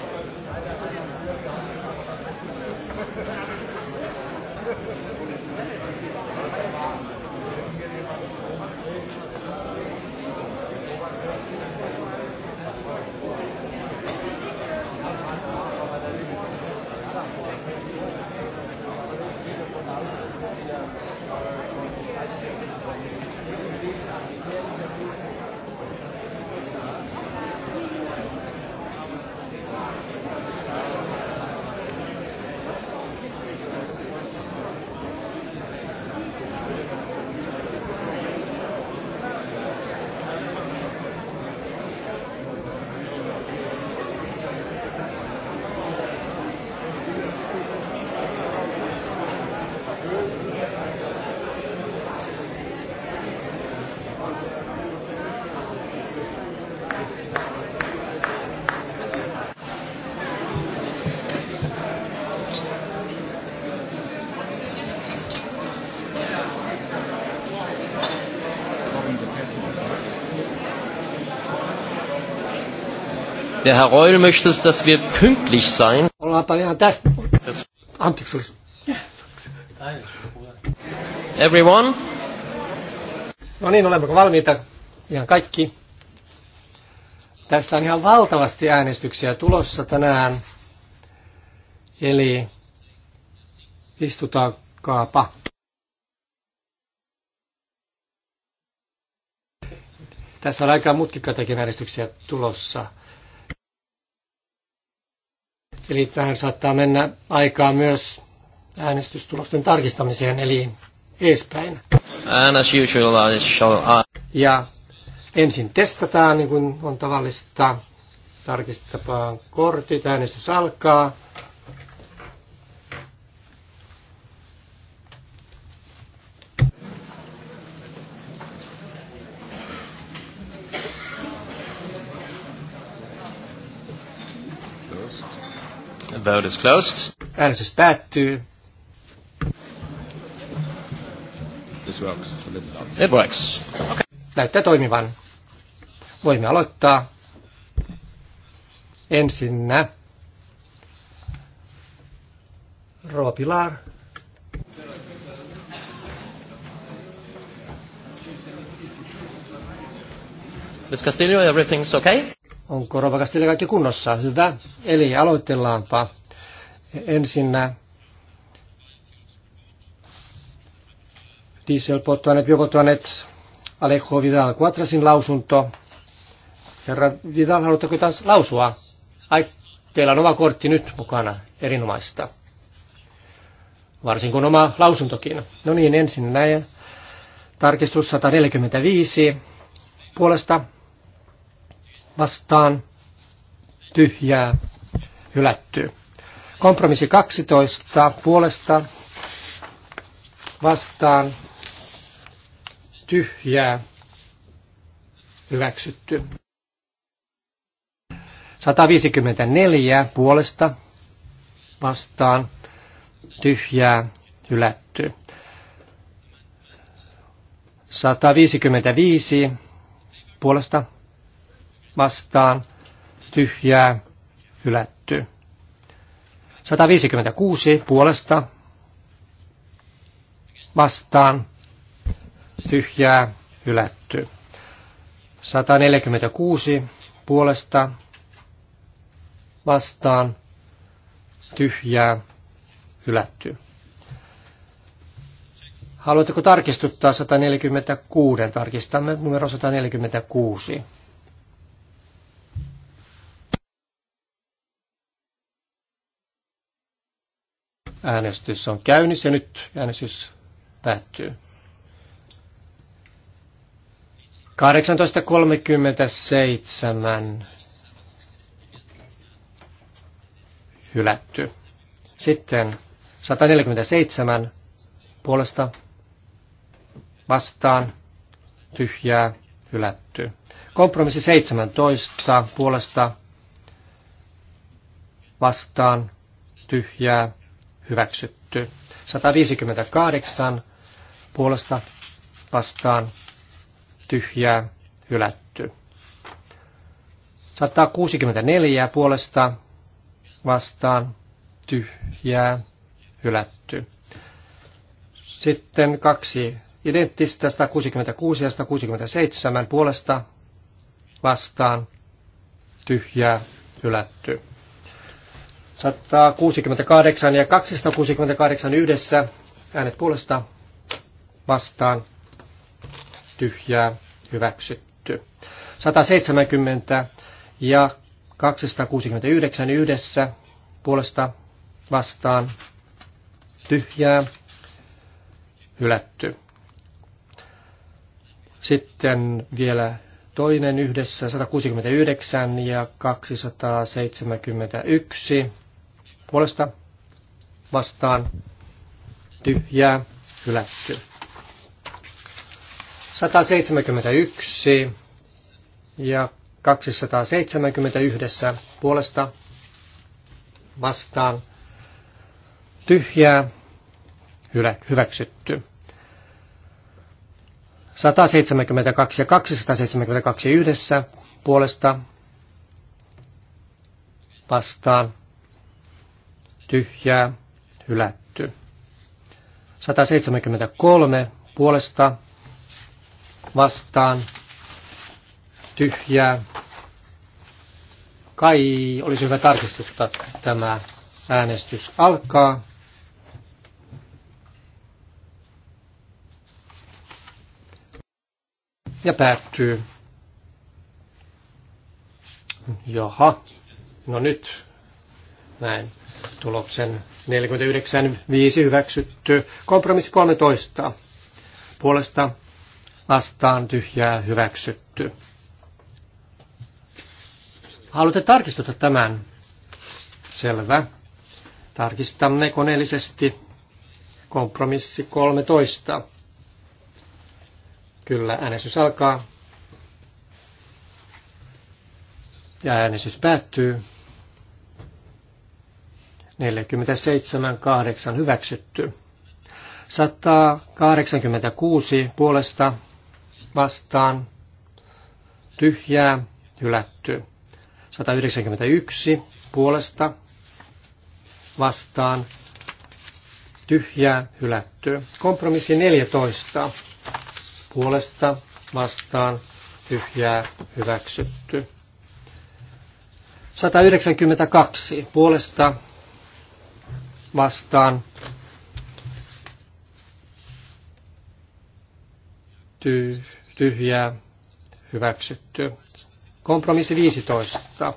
Der Herr Reul möchte, dass wir pünktlich sein. Everyone? No niin, olemmeko valmiita? Ihan kaikki. Tässä on ihan valtavasti äänestyksiä tulossa tänään. Eli istutaankaapa. Tässä on aika mutkikkaitakin äänestyksiä tulossa. Eli tähän saattaa mennä aikaa myös äänestystulosten tarkistamiseen, eli eespäin. And as usual, I shall... Ja ensin testataan, niin kuin on tavallista. Tarkistetaan kortit, äänestys alkaa. Vote is closed. Äänestys päättyy. This works. So let's start. It works. Okay. Näyttää toimivan. Voimme aloittaa. Ensinnä Roopilar. Miss Castillo, everything's okay? Onko Rova Castillo kaikki kunnossa? Hyvä. Eli aloitellaanpa Ensinnä dieselpolttoaineet, biopolttoaineet, Alejo Vidal Quatrasin lausunto. Herra Vidal, haluatteko taas lausua? Ai, teillä on oma kortti nyt mukana, erinomaista. Varsinkin oma lausuntokin. No niin, ensin näin. Tarkistus 145 puolesta vastaan tyhjää hylätty. Kompromissi 12 puolesta vastaan tyhjää hyväksytty. 154 puolesta vastaan tyhjää hylätty. 155 puolesta vastaan tyhjää hylätty. 156 puolesta vastaan tyhjää hylätty. 146 puolesta vastaan tyhjää hylätty. Haluatteko tarkistuttaa 146? Tarkistamme numero 146. Äänestys on käynnissä ja nyt äänestys päättyy. 18.37 hylätty. Sitten 147 puolesta vastaan tyhjää hylätty. Kompromissi 17 puolesta vastaan tyhjää hyväksytty. 158 puolesta vastaan tyhjää hylätty. 164 puolesta vastaan tyhjää hylätty. Sitten kaksi identtistä 166 ja 167 puolesta vastaan tyhjää hylätty. 168 ja 268 yhdessä. Äänet puolesta vastaan. Tyhjää hyväksytty. 170 ja 269 yhdessä puolesta vastaan. Tyhjää hylätty. Sitten vielä toinen yhdessä 169 ja 271 puolesta vastaan tyhjää hylättyä. 171 ja 271 puolesta vastaan tyhjää hyväksytty. 172 ja 272 yhdessä puolesta vastaan tyhjää, hylätty. 173 puolesta vastaan tyhjää. Kai olisi hyvä tarkistuttaa tämä äänestys alkaa. Ja päättyy. Jaha. No nyt. Näin tuloksen 49.5 hyväksytty. Kompromissi 13 puolesta vastaan tyhjää hyväksytty. Haluatte tarkistuttaa tämän? Selvä. Tarkistamme koneellisesti kompromissi 13. Kyllä, äänestys alkaa. Ja äänestys päättyy. 47.8 hyväksytty. 186 puolesta vastaan tyhjää hylätty. 191 puolesta vastaan tyhjää hylätty. Kompromissi 14 puolesta vastaan tyhjää hyväksytty. 192 puolesta vastaan tyhjää hyväksytty. Kompromissi 15.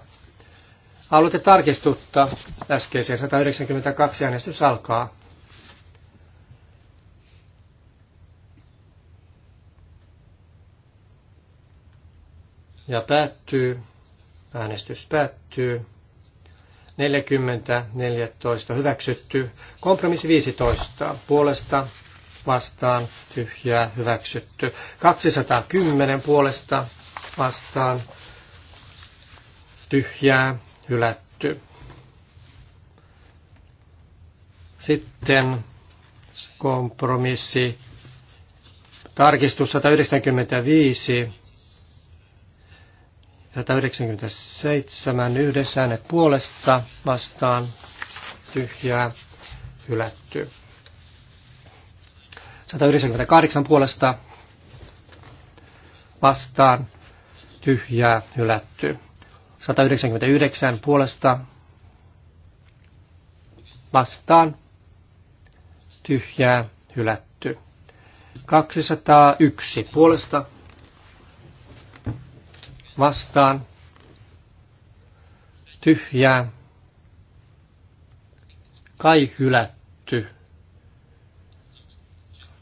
Haluatte tarkistuttaa äskeiseen 192 äänestys alkaa. Ja päättyy. Äänestys päättyy. 40, 14 hyväksytty. Kompromissi 15 puolesta vastaan tyhjää hyväksytty. 210 puolesta vastaan tyhjää hylätty. Sitten kompromissi tarkistus 195 197 yhdessä äänet puolesta vastaan tyhjää hylätty. 198 puolesta vastaan tyhjää hylätty. 199 puolesta vastaan tyhjää hylätty. 201 puolesta vastaan tyhjää kai hylätty.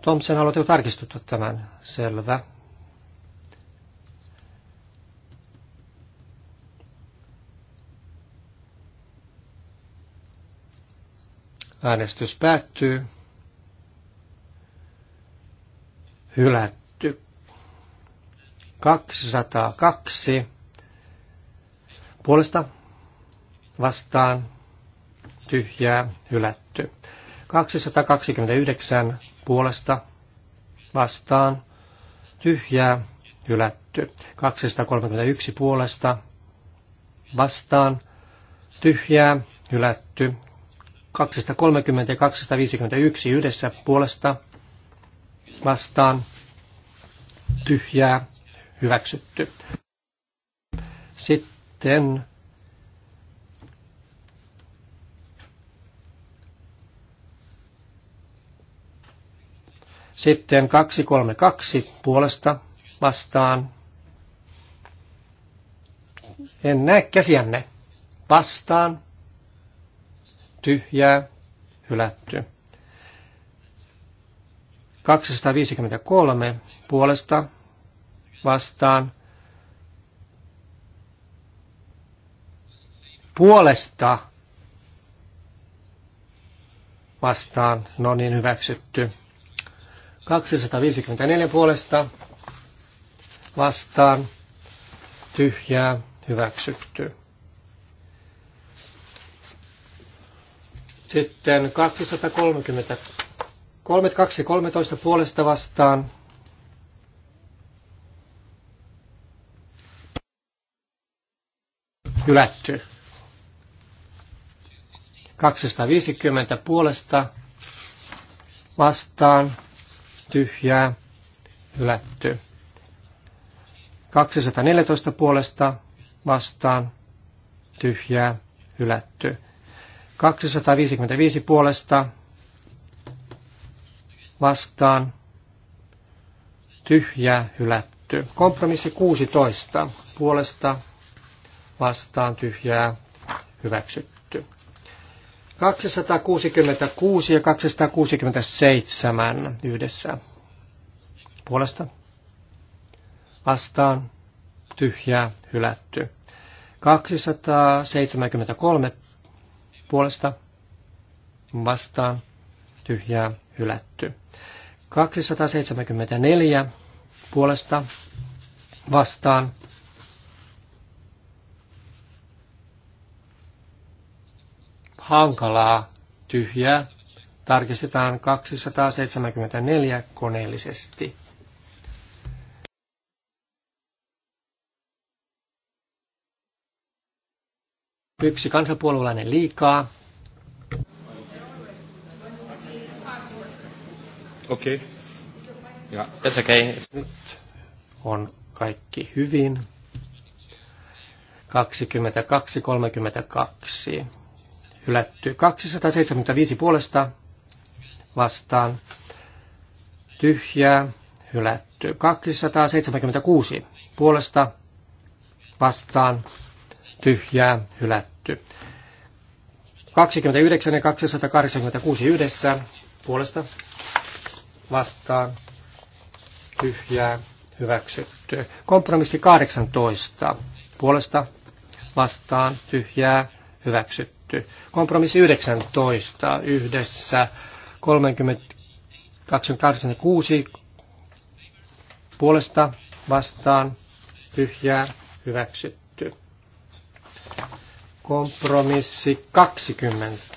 Thompson, jo tarkistuttaa tämän? Selvä. Äänestys päättyy. Hylätty. 202 puolesta vastaan tyhjää hylätty. 229 puolesta vastaan tyhjää hylätty. 231 puolesta vastaan tyhjää hylätty. 230 ja 251 yhdessä puolesta vastaan tyhjää hyväksytty. Sitten Sitten 232 puolesta vastaan. En näe käsiänne. Vastaan. Tyhjää. Hylätty. 253 puolesta vastaan. Puolesta vastaan. No niin, hyväksytty. 254 puolesta vastaan. Tyhjää, hyväksytty. Sitten 230, 32, 13 puolesta vastaan, hylätty. 250 puolesta vastaan tyhjää hylätty. 214 puolesta vastaan tyhjää hylätty. 255 puolesta vastaan tyhjää hylätty. Kompromissi 16 puolesta vastaan tyhjää hyväksytty. 266 ja 267 yhdessä puolesta vastaan tyhjää hylätty. 273 puolesta vastaan tyhjää hylätty. 274 puolesta vastaan hankalaa, tyhjää. Tarkistetaan 274 koneellisesti. Yksi kansanpuolueellinen liikaa. Okei. Okay. Yeah, okay. Nyt on kaikki hyvin. 22.32 hylätty. 275 puolesta vastaan tyhjää hylätty. 276 puolesta vastaan tyhjää hylätty. 29 ja 286 yhdessä puolesta vastaan tyhjää hyväksytty. Kompromissi 18 puolesta vastaan tyhjää hyväksytty tehty. Kompromissi 19 yhdessä 30, puolesta vastaan tyhjää hyväksytty. Kompromissi 20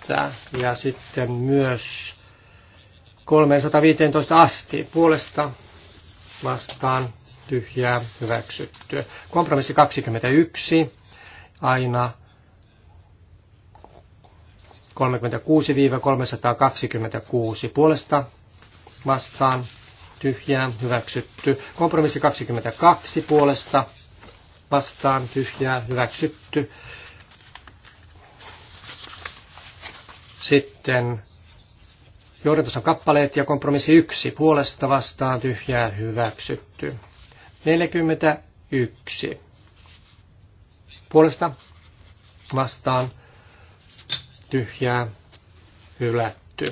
ja sitten myös 315 asti puolesta vastaan tyhjää hyväksytty. Kompromissi 21 aina 36-326 puolesta vastaan tyhjää hyväksytty. Kompromissi 22 puolesta vastaan tyhjää hyväksytty. Sitten johdatus on kappaleet ja kompromissi 1 puolesta vastaan tyhjää hyväksytty. 41 puolesta vastaan tyhjää hylätty.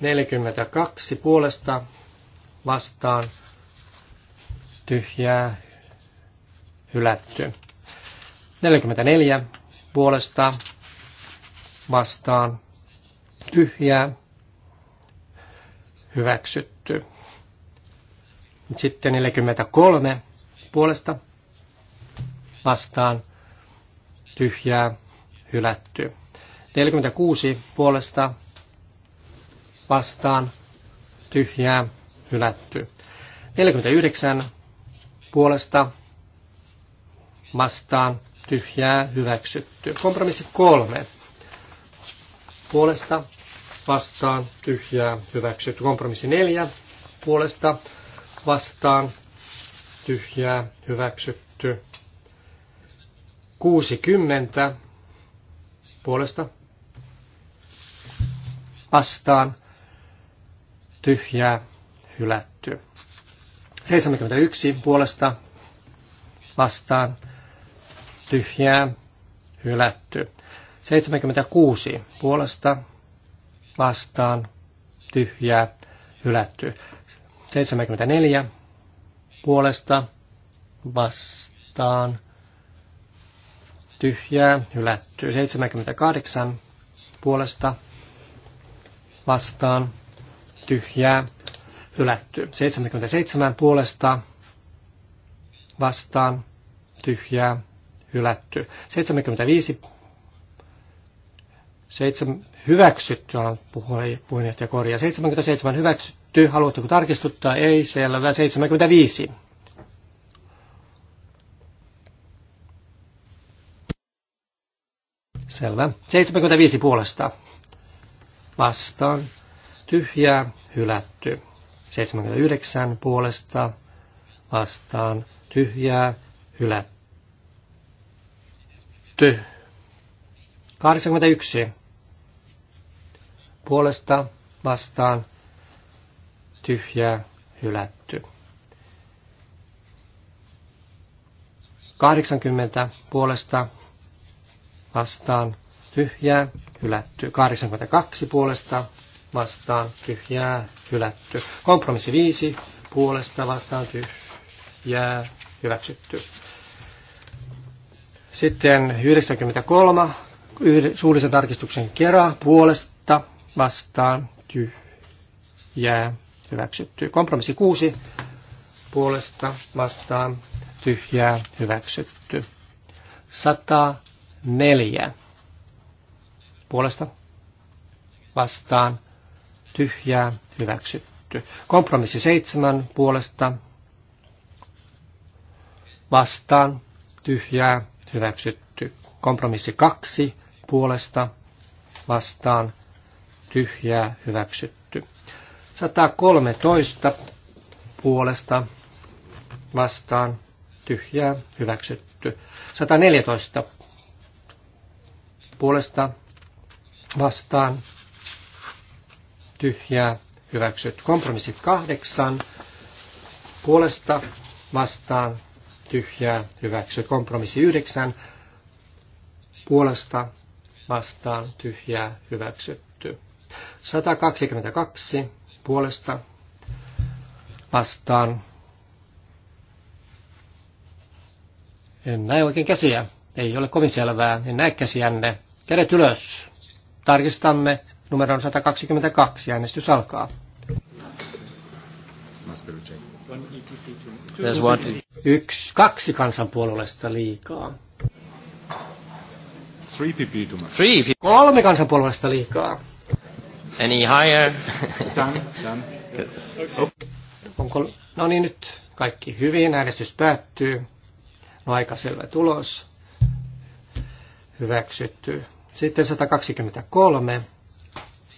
42 puolesta vastaan tyhjää hylätty. 44 puolesta vastaan tyhjää hyväksytty. Sitten 43 puolesta vastaan tyhjää hylätty. 46 puolesta vastaan tyhjää hylätty. 49 puolesta vastaan tyhjää hyväksytty. Kompromissi 3 puolesta vastaan tyhjää hyväksytty. Kompromissi 4 puolesta vastaan tyhjää hyväksytty. 60 puolesta vastaan tyhjää hylätty. 71 puolesta vastaan tyhjää hylätty. 76 puolesta vastaan tyhjää hylätty. 74 puolesta vastaan tyhjää hylätty. 78 puolesta vastaan, tyhjää, hylätty. 77 puolesta vastaan, tyhjää, hylätty. 75 7, hyväksytty, on puheenjohtaja korjaa. 77 hyväksytty, haluatteko tarkistuttaa? Ei, selvä. 75. Selvä. 75 puolesta vastaan tyhjää hylätty. 79 puolesta vastaan tyhjää hylätty. 81 puolesta vastaan tyhjää hylätty. 80 puolesta vastaan tyhjää, hylätty. 82 puolesta vastaan tyhjää, hylätty. Kompromissi 5 puolesta vastaan tyhjää, hyväksytty. Sitten 93 suullisen tarkistuksen kera puolesta vastaan tyhjää, hyväksytty. Kompromissi 6 puolesta vastaan tyhjää, hyväksytty. 104 Puolesta vastaan tyhjää hyväksytty. Kompromissi seitsemän puolesta vastaan tyhjää hyväksytty. Kompromissi kaksi puolesta vastaan tyhjää hyväksytty. 113 puolesta vastaan tyhjää hyväksytty. 114 puolesta vastaan tyhjää hyväksyt Kompromissi kahdeksan puolesta vastaan tyhjää hyväksyt Kompromissi yhdeksän puolesta vastaan tyhjää hyväksytty. 122 puolesta vastaan. En näe oikein käsiä. Ei ole kovin selvää. En näe käsiänne. Kädet ylös. Tarkistamme numeron 122. Äänestys alkaa. Yksi, kaksi kansanpuolueesta liikaa. Three too much. Three Kolme kansanpuolueesta liikaa. Any higher? done, done. Okay. Onko, no niin nyt kaikki hyvin, äänestys päättyy. No aika selvä tulos. Hyväksytty. Sitten 123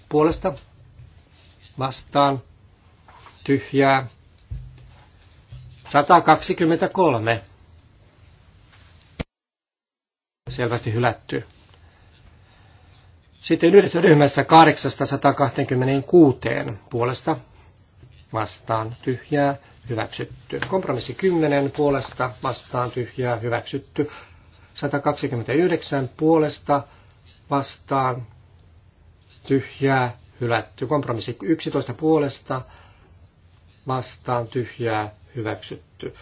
puolesta vastaan tyhjää. 123 selvästi hylätty. Sitten yhdessä ryhmässä 826 puolesta vastaan tyhjää hyväksytty. Kompromissi 10 puolesta vastaan tyhjää hyväksytty. 129 puolesta vastaan tyhjää hylätty. Kompromissi 11 puolesta vastaan tyhjää hyväksytty.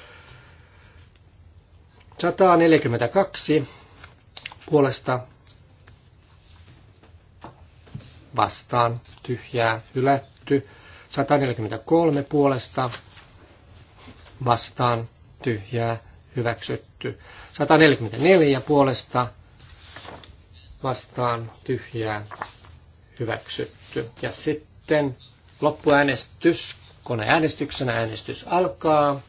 142 puolesta vastaan tyhjää hylätty. 143 puolesta vastaan tyhjää hyväksytty. 144 puolesta vastaan tyhjää hyväksytty. Ja sitten loppuäänestys, koneäänestyksenä äänestys alkaa.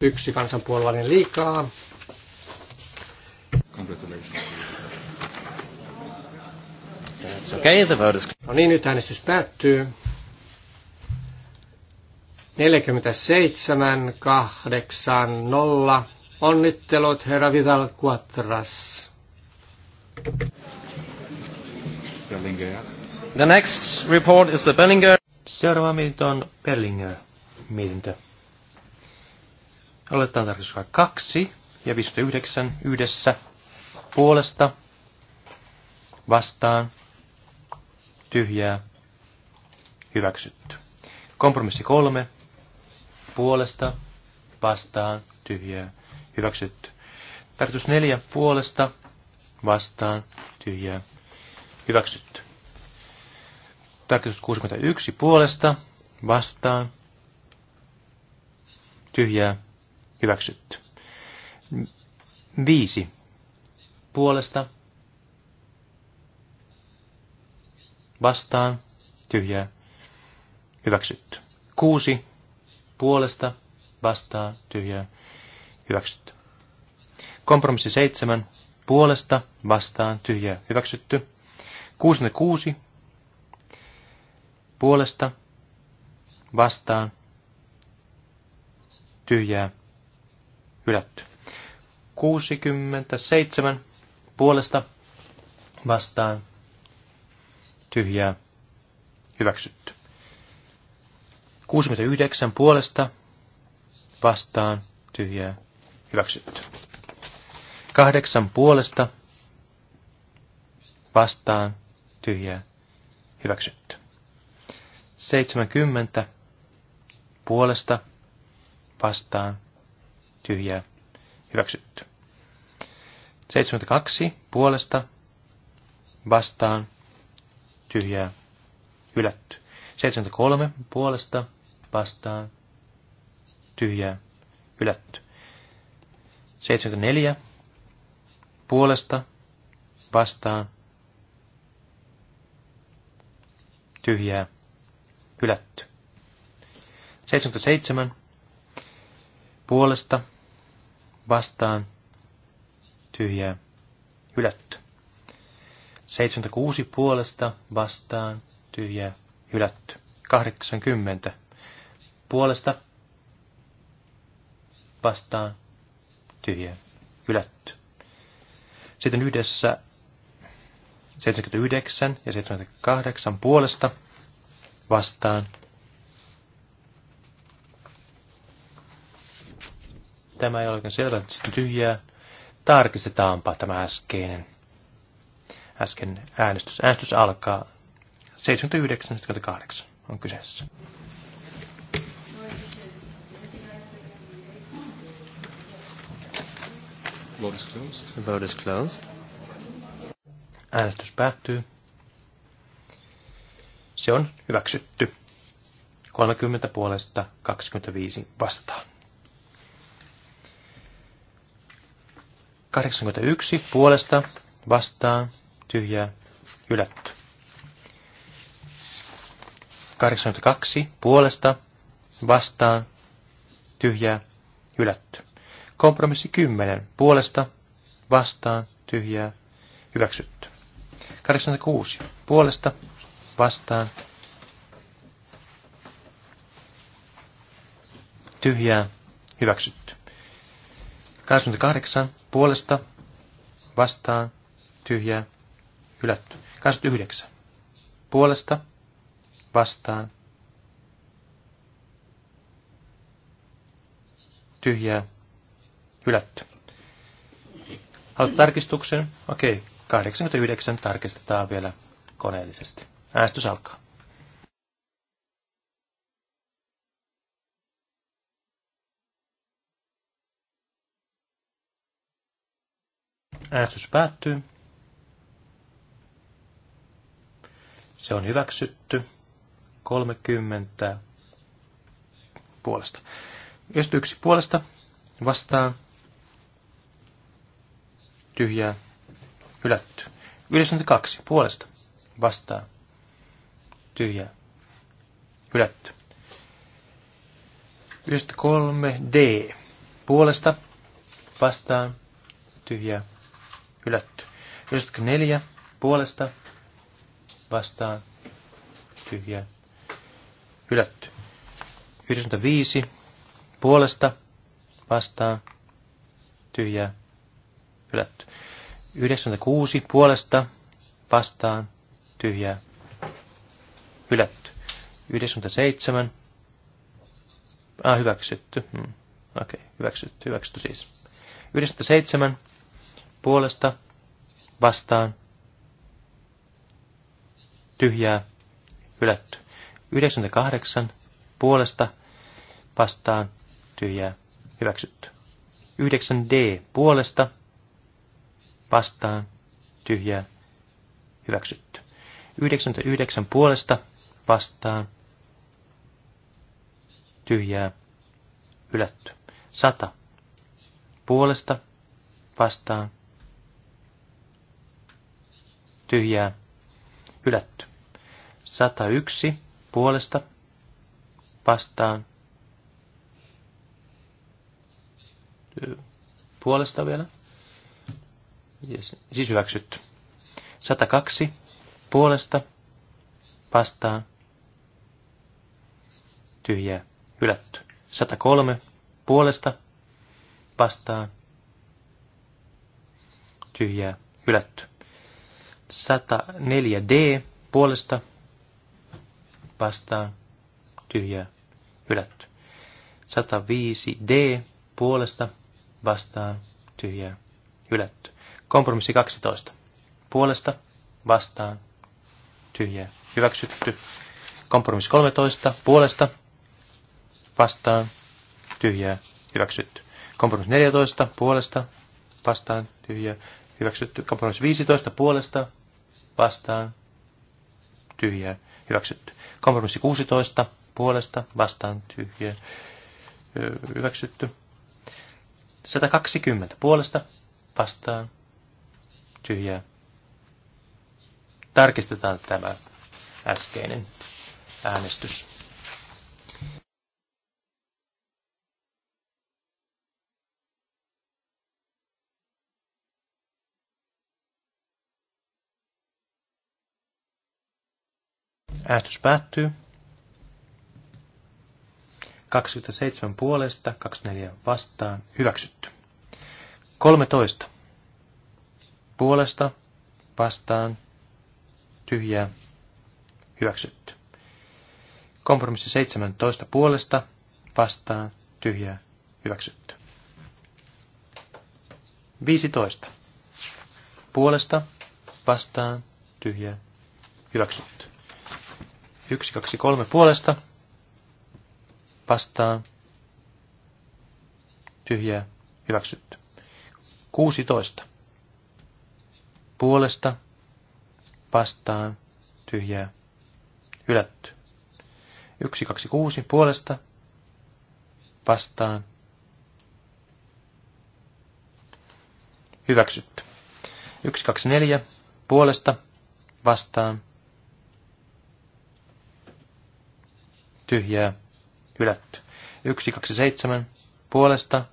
Yksi kansanpuolueen liikaa. Okay, the vote is... No niin, nyt äänestys päättyy. 47, 8, 0. Onnittelut, herra Vidal Quatras. Bellinger. The next report is the Bellinger. Seuraava mietintö on Bellinger mietintö. Aloitetaan tarkistus 2 ja 59 yhdessä puolesta vastaan tyhjää hyväksytty. Kompromissi kolme, puolesta, vastaan, tyhjää, hyväksytty. Tartus neljä puolesta, vastaan, tyhjää, hyväksytty. Tarkoitus 61 puolesta, vastaan, tyhjää, hyväksytty. Viisi puolesta, vastaan, tyhjää, hyväksytty. Kuusi puolesta vastaan tyhjää hyväksytty. Kompromissi 7 puolesta vastaan tyhjää hyväksytty. 66 puolesta vastaan tyhjää hylätty. 67 puolesta vastaan tyhjää hyväksytty. 69 puolesta vastaan tyhjää hyväksytty. 8 puolesta vastaan tyhjää hyväksytty. 70 puolesta vastaan tyhjää hyväksytty. 72 puolesta vastaan tyhjää hylätty. 73 puolesta vastaan tyhjää hylätty. 74 puolesta vastaan tyhjää hylätty. 77 puolesta vastaan tyhjää hylätty. 76 puolesta vastaan tyhjää hylätty. 80 puolesta vastaan tyhjä hylätty. Sitten yhdessä 79 ja 78 puolesta vastaan tämä ei ole oikein selvä, sitten tyhjää. Tarkistetaanpa tämä äskeinen äsken äänestys. Äänestys alkaa 79.78 on kyseessä. Vote is closed. The vote is closed. Äänestys päättyy. Se on hyväksytty. 30 puolesta 25 vastaan. 81 puolesta vastaan tyhjää hylätty. 82 puolesta vastaan tyhjää hylätty. Kompromissi 10. Puolesta, vastaan, tyhjää, hyväksytty. 86. Puolesta, vastaan, tyhjää, hyväksytty. 88. Puolesta, vastaan, tyhjää, hylätty. 89. Puolesta, vastaan, tyhjää, Hylätty. Haluat tarkistuksen? Okei. 89 tarkistetaan vielä koneellisesti. Äänestys alkaa. Äänestys päättyy. Se on hyväksytty. 30 puolesta. Jos yksi puolesta vastaan tyhjää, hylätty. 92 puolesta vastaa, tyhjää, hylätty. 93 D puolesta vastaan, tyhjää, hylätty. 94 puolesta vastaan, tyhjää, hylätty. 95 puolesta vastaan, tyhjää, hylätty. 96 puolesta vastaan tyhjää hylätty. 97 ah, hyväksytty. Hmm. Okei, okay. hyväksytty, hyväksytty siis. 97 puolesta vastaan tyhjää hylätty. 98 puolesta vastaan tyhjää hyväksytty. 9D puolesta vastaan, tyhjää, hyväksytty. 99 puolesta vastaan, tyhjää, hylätty. 100 puolesta vastaan, tyhjää, hylätty. 101 puolesta vastaan, puolesta vielä. Siis hyväksytty. 102 puolesta vastaan tyhjää hylätty. 103 puolesta vastaan tyhjää hylätty. 104D puolesta vastaan tyhjää hylätty. 105D puolesta vastaan tyhjää hylätty. Kompromissi 12. Puolesta, vastaan, tyhjää, hyväksytty. Kompromissi 13. Puolesta, vastaan, tyhjää, hyväksytty. Kompromissi 14. Puolesta, vastaan, tyhjää, hyväksytty. Kompromissi 15. Puolesta, vastaan, tyhjää, hyväksytty. Kompromissi 16. Puolesta, vastaan, tyhjää, hyväksytty. 120 puolesta vastaan tyhjää. Tarkistetaan tämä äskeinen äänestys. Äänestys päättyy. 27 puolesta, 24 vastaan, hyväksytty. 13 puolesta vastaan tyhjää hyväksytty. Kompromissi 17 puolesta vastaan tyhjää hyväksytty. 15. Puolesta vastaan tyhjää hyväksytty. 1, 2, 3 puolesta vastaan tyhjää hyväksytty. 16 puolesta vastaan tyhjää hylätty. 126 puolesta vastaan hyväksytty. 124 puolesta vastaan tyhjää hylätty. 127 puolesta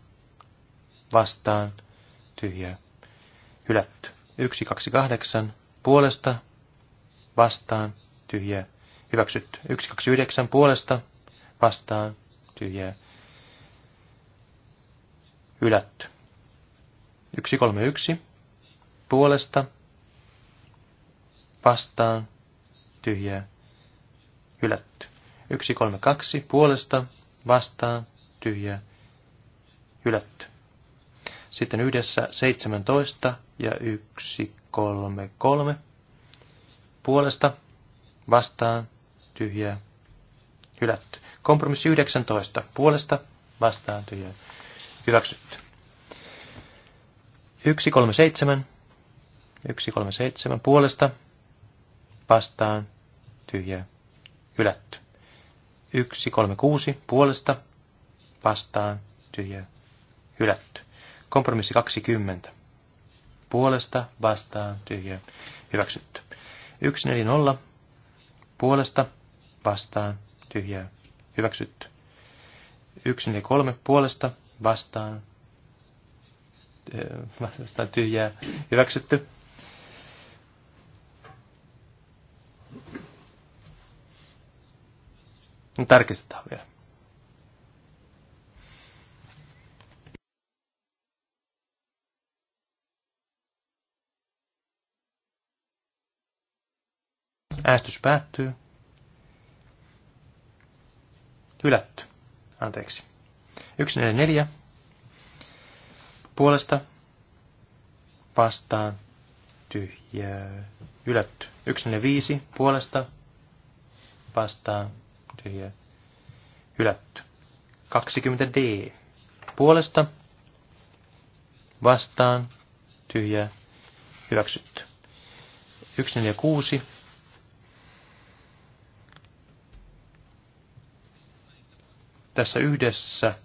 vastaan tyhjää hylätty. 128 puolesta vastaan tyhjä hyväksytty. 129 puolesta vastaan tyhjä, hylätty. 131 puolesta vastaan tyhjä, hylätty. 132 puolesta vastaan tyhjä hylätty. Sitten yhdessä 17 ja 3. puolesta vastaan tyhjää hylätty. Kompromissi 19 puolesta vastaan tyhjää hyväksytty. 3, 7. puolesta vastaan tyhjää hylätty. 6. puolesta vastaan tyhjää hylätty. Kompromissi 20. Puolesta, vastaan, tyhjä, hyväksytty. 140. Puolesta, vastaan, tyhjä, hyväksytty. 143. Puolesta, vastaan, eh, vastaan tyhjää, hyväksytty. Tarkistetaan vielä. Äänestys päättyy. Hylätty. Anteeksi. 144. Puolesta vastaan tyhjää. Hylätty. 145. Puolesta vastaan tyhjää. Hylätty. 20D. Puolesta vastaan tyhjää. Hyväksytty. 146 tässä yhdessä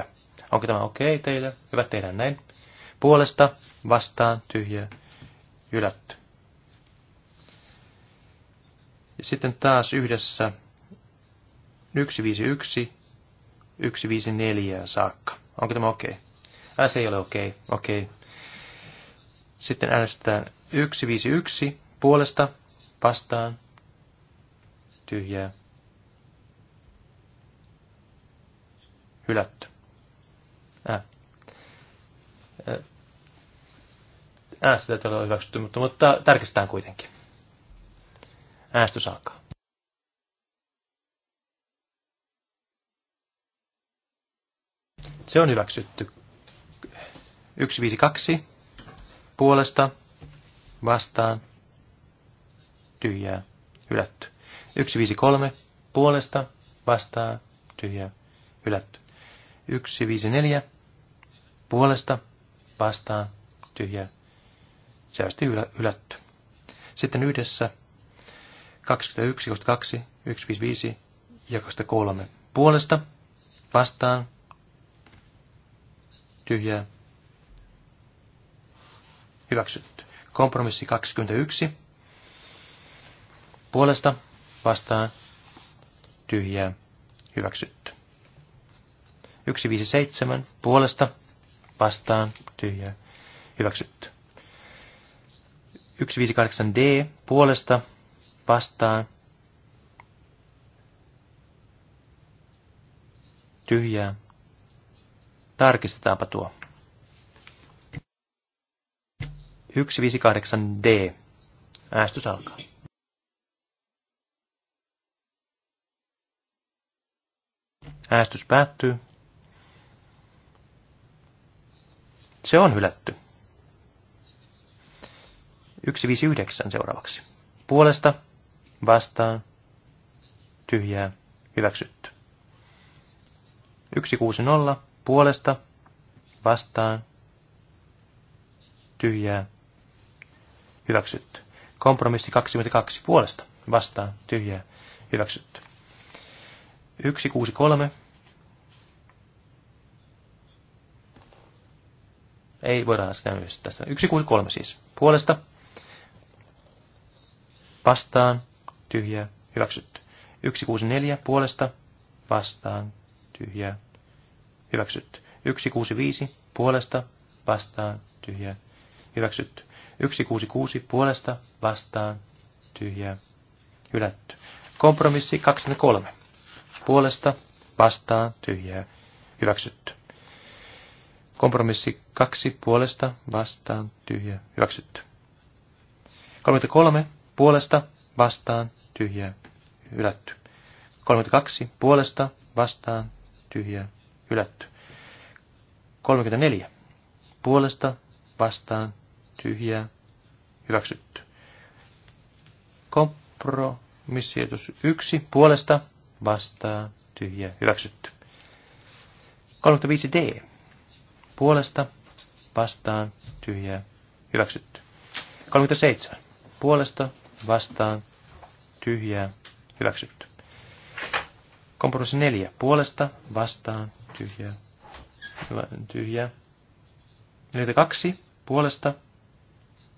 146-150. Onko tämä okei okay teille? Hyvä, tehdä näin. Puolesta, vastaan, tyhjä, hylätty. Ja sitten taas yhdessä 151, 154 saakka. Onko tämä okei? Okay? Ää, se ei ole okei. Okay. Okei. Okay. Sitten äänestetään 151 puolesta, vastaan, tyhjää, hylätty. Äh. Äänestä on hyväksytty, mutta, mutta tarkistetaan kuitenkin. Äänestys alkaa. Se on hyväksytty. 152 puolesta vastaan tyhjää hylätty. 153 puolesta vastaa, tyhjä, hylätty. 154 puolesta vastaa, tyhjä, selvästi hylätty. Sitten yhdessä 21, 22, 155 ja 23 puolesta vastaan tyhjää hyväksytty. Kompromissi 21 puolesta vastaan tyhjää hyväksytty. 157 puolesta vastaan tyhjää hyväksytty. 158D puolesta vastaan tyhjää. Tarkistetaanpa tuo. 158D. Äänestys alkaa. Äänestys päättyy. Se on hylätty. 159 seuraavaksi. Puolesta, vastaan, tyhjää, hyväksytty. 160 puolesta, vastaan, tyhjää, hyväksytty. Kompromissi 22 puolesta, vastaan, tyhjää, hyväksytty. 163. Ei voida sitä yhdessä tästä. 163 siis. Puolesta. Vastaan. Tyhjää. Hyväksytty. 164 puolesta. Vastaan. Tyhjää. Hyväksytty. 165 puolesta. Vastaan. Tyhjää. Hyväksytty. 166 puolesta. Vastaan. Tyhjää. Hylätty. Kompromissi 23 puolesta, vastaan, tyhjää, hyväksytty. Kompromissi kaksi puolesta, vastaan, tyhjää, hyväksytty. 33 puolesta, vastaan, tyhjää, hylätty. 32 puolesta, vastaan, tyhjää, hylätty. 34 puolesta, vastaan, tyhjää, hyväksytty. Kompromissietus 1 puolesta, vastaa, tyhjä, hyväksytty. 35D. Puolesta, vastaan, tyhjä, hyväksytty. 37. Puolesta, vastaan, tyhjä, hyväksytty. Kompromissi 4. Puolesta, vastaan, tyhjä, tyhjä. 42. Puolesta,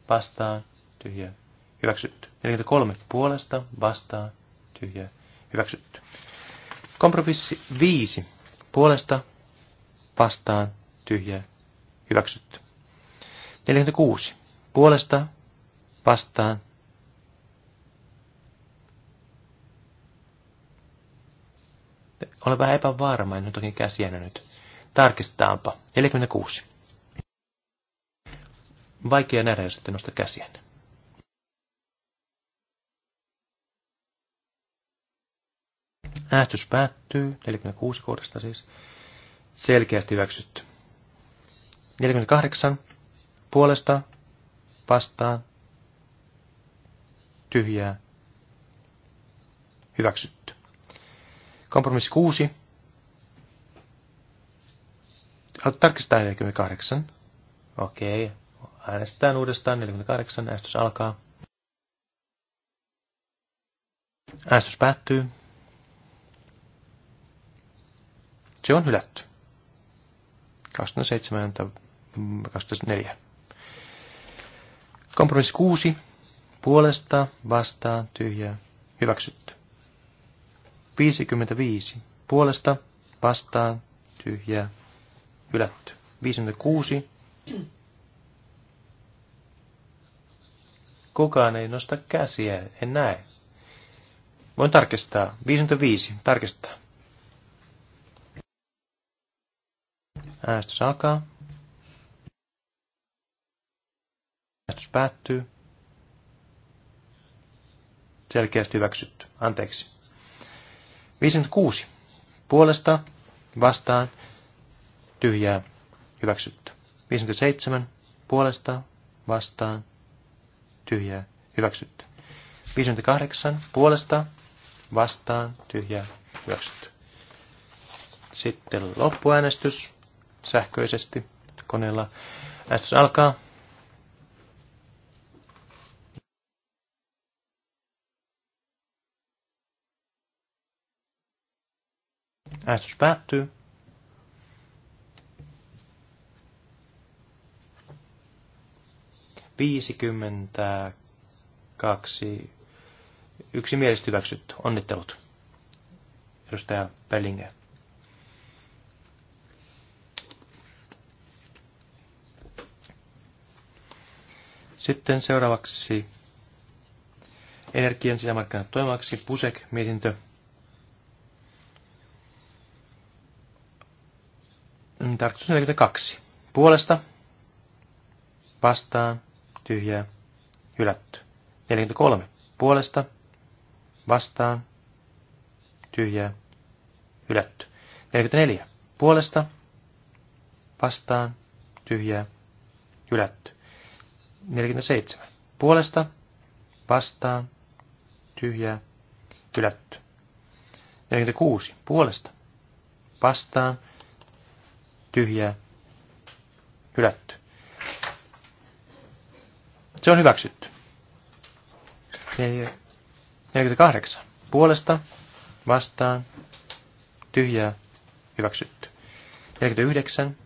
vastaan, tyhjä, hyväksytty. 43. Puolesta, vastaan, tyhjää, Hyväksytty. Kompromissi 5. Puolesta vastaan tyhjä Hyväksytty. 46. Puolesta vastaan Olen vähän epävarma, en toki käsiänä nyt. Tarkistetaanpa. 46. Vaikea nähdä, jos ette nosta käsiänä. Äänestys päättyy, 46 kohdasta siis, selkeästi hyväksytty. 48 puolesta vastaan tyhjää hyväksytty. Kompromissi 6. Haluat tarkistaa 48. Okei. Äänestetään uudestaan. 48. Äänestys alkaa. Äänestys päättyy. Se on hylätty. 27 tai 24. Kompromissi 6. Puolesta, vastaan, tyhjä, hyväksytty. 55. Puolesta, vastaan, tyhjä hylätty. 56. Kukaan ei nosta käsiä, en näe. Voin tarkistaa. 55. Tarkistaa. Äänestys alkaa. Äänestys päättyy. Selkeästi hyväksytty. Anteeksi. 56. Puolesta, vastaan, tyhjää, hyväksytty. 57. Puolesta, vastaan, tyhjää, hyväksytty. 58. Puolesta, vastaan, tyhjää, hyväksytty. Sitten loppuäänestys sähköisesti koneella. Äänestys alkaa. Äänestys päättyy. Viisikymmentä kaksi yksimielisesti hyväksytty. Onnittelut, edustaja Pellinger. Sitten seuraavaksi energian sisämarkkinat toimivaksi Pusek mietintö. Tarkoitus 42. Puolesta vastaan tyhjää hylätty. 43. Puolesta vastaan tyhjää hylätty. 44. Puolesta vastaan tyhjää hylätty. 47. Puolesta, vastaan, tyhjää, hylätty. 46. Puolesta, vastaan, tyhjää, hylätty. Se on hyväksytty. 48. Puolesta, vastaan, tyhjää, hyväksytty. 49.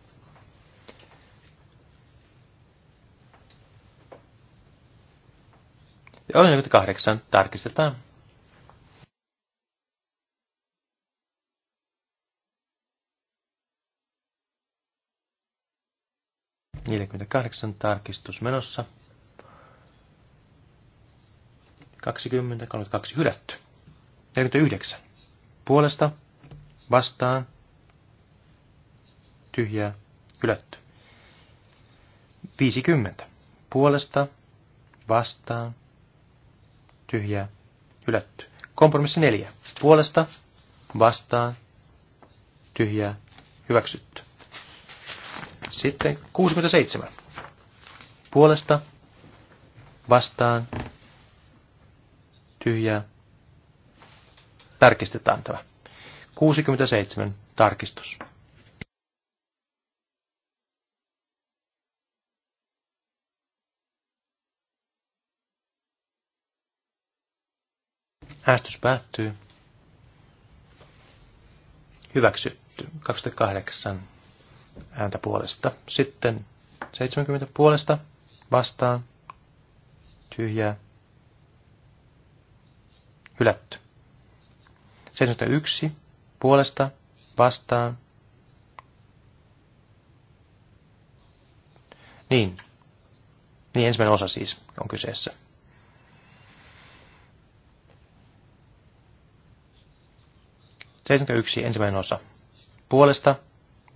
48 tarkistetaan. Neljäkymmentäkahdeksan tarkistus menossa. 20, 32 hylätty. 49. Puolesta, vastaan, tyhjää, hylätty. 50. Puolesta, vastaan, tyhjää, hylätty. Kompromissi neljä. Puolesta, vastaan, tyhjää, hyväksytty. Sitten 67. Puolesta, vastaan, tyhjää, tarkistetaan tämä. 67. Tarkistus. äästys päättyy. Hyväksytty. 28 ääntä puolesta. Sitten 70 puolesta vastaan. Tyhjää. Hylätty. 71 puolesta vastaan. Niin. Niin ensimmäinen osa siis on kyseessä. 71 ensimmäinen osa. Puolesta,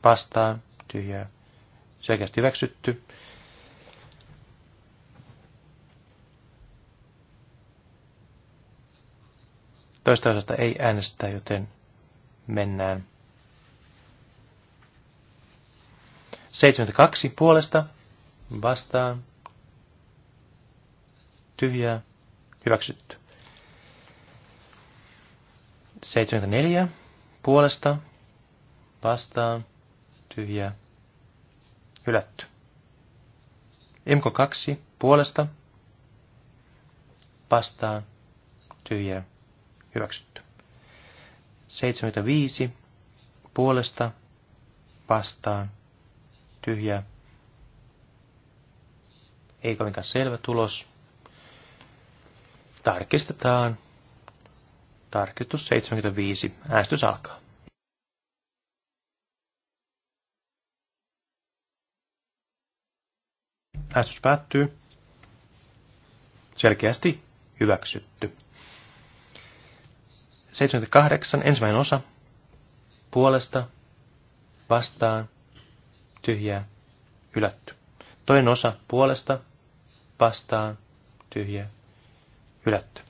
vastaan, tyhjää, selkeästi hyväksytty. Toista osasta ei äänestä, joten mennään. 72 puolesta, vastaan, tyhjää, hyväksytty. 74 Puolesta, vastaan, tyhjä hylätty. Imko 2. Puolesta, vastaan, tyhjä, hyväksytty. 75. Puolesta, vastaan, tyhjä Ei kovinkaan selvä tulos. Tarkistetaan. Tarkistus 75. Äänestys alkaa. Äänestys päättyy. Selkeästi hyväksytty. 78. Ensimmäinen osa. Puolesta. Vastaan. Tyhjää. Hylätty. Toinen osa. Puolesta. Vastaan. Tyhjää. Hylätty.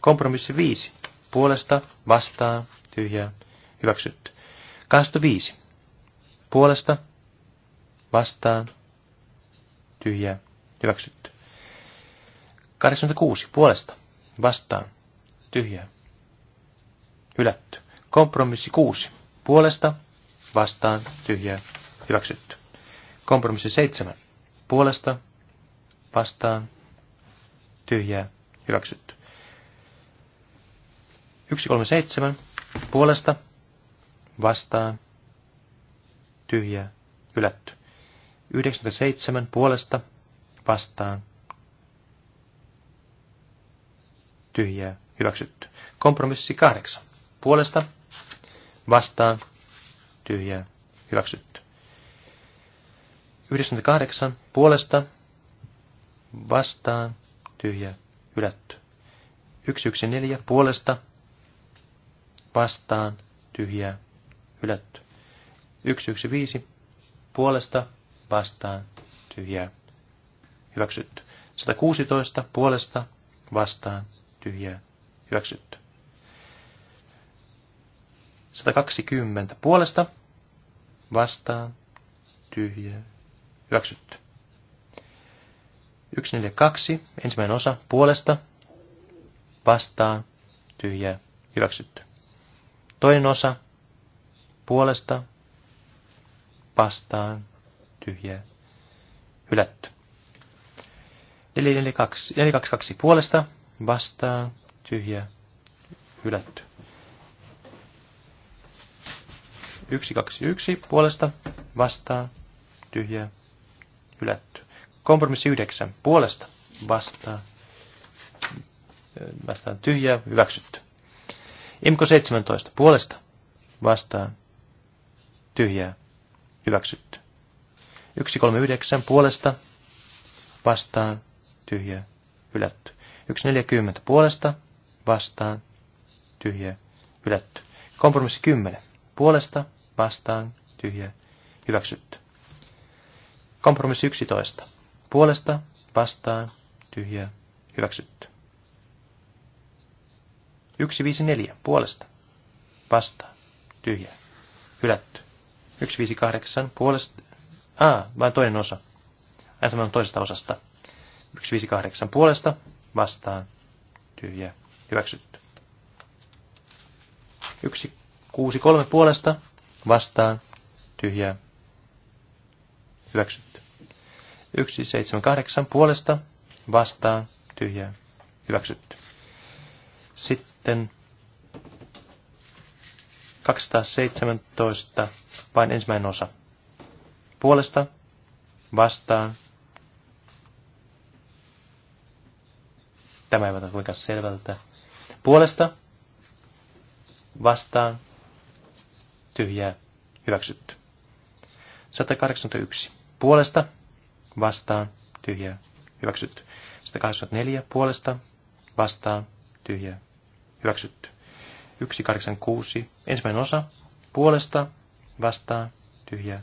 Kompromissi 5 puolesta, vastaan, tyhjää, hyväksytty. 25. Puolesta, vastaan, tyhjää, hyväksytty. 86. Puolesta, vastaan, tyhjää, hylätty. Kompromissi 6. Puolesta, vastaan, tyhjää, hyväksytty. Kompromissi 7. Puolesta, vastaan, tyhjää, hyväksytty. 137 puolesta vastaan tyhjä hylätty. 97 puolesta vastaan tyhjä hyväksytty. Kompromissi 8 puolesta vastaan tyhjä hyväksytty. 98 puolesta vastaan tyhjä hylätty. 114 puolesta vastaan, tyhjää, hylätty. 115 puolesta, vastaan, tyhjää, hyväksytty. 116 puolesta, vastaan, tyhjää, hyväksytty. 120 puolesta, vastaan, tyhjää, hyväksytty. 142, ensimmäinen osa, puolesta, vastaan, tyhjää, hyväksytty. Toinen osa puolesta vastaan tyhjä hylätty. 422 puolesta vastaan tyhjä hylätty. 121 puolesta vastaan tyhjä hylätty. Kompromissi 9 puolesta vastaan vastaan tyhjä hyväksytty. Imko 17. Puolesta. Vastaan. Tyhjää. Hyväksytty. 139. Puolesta. Vastaan. Tyhjää. Hylätty. 140. Puolesta. Vastaan. Tyhjää. Hylätty. Kompromissi 10. Puolesta. Vastaan. Tyhjää. Hyväksytty. Kompromissi 11. Puolesta. Vastaan. Tyhjää. Hyväksytty. 154 puolesta. Vastaa. Tyhjä. Hylätty. 158 puolesta. A, vain toinen osa. Äänestämme on toisesta osasta. 158 puolesta. Vastaan. tyhjä Hyväksytty. 163 puolesta. Vastaan. tyhjä Hyväksytty. 178 puolesta. Vastaan. tyhjä Hyväksytty. Sitten sitten 217, vain ensimmäinen osa. Puolesta, vastaan. Tämä ei ole kuinka selvältä. Puolesta, vastaan, tyhjää, hyväksytty. 181. Puolesta, vastaan, tyhjää, hyväksytty. 184. Puolesta, vastaan, tyhjää, hyväksytty. 186, ensimmäinen osa, puolesta, vastaan, tyhjää,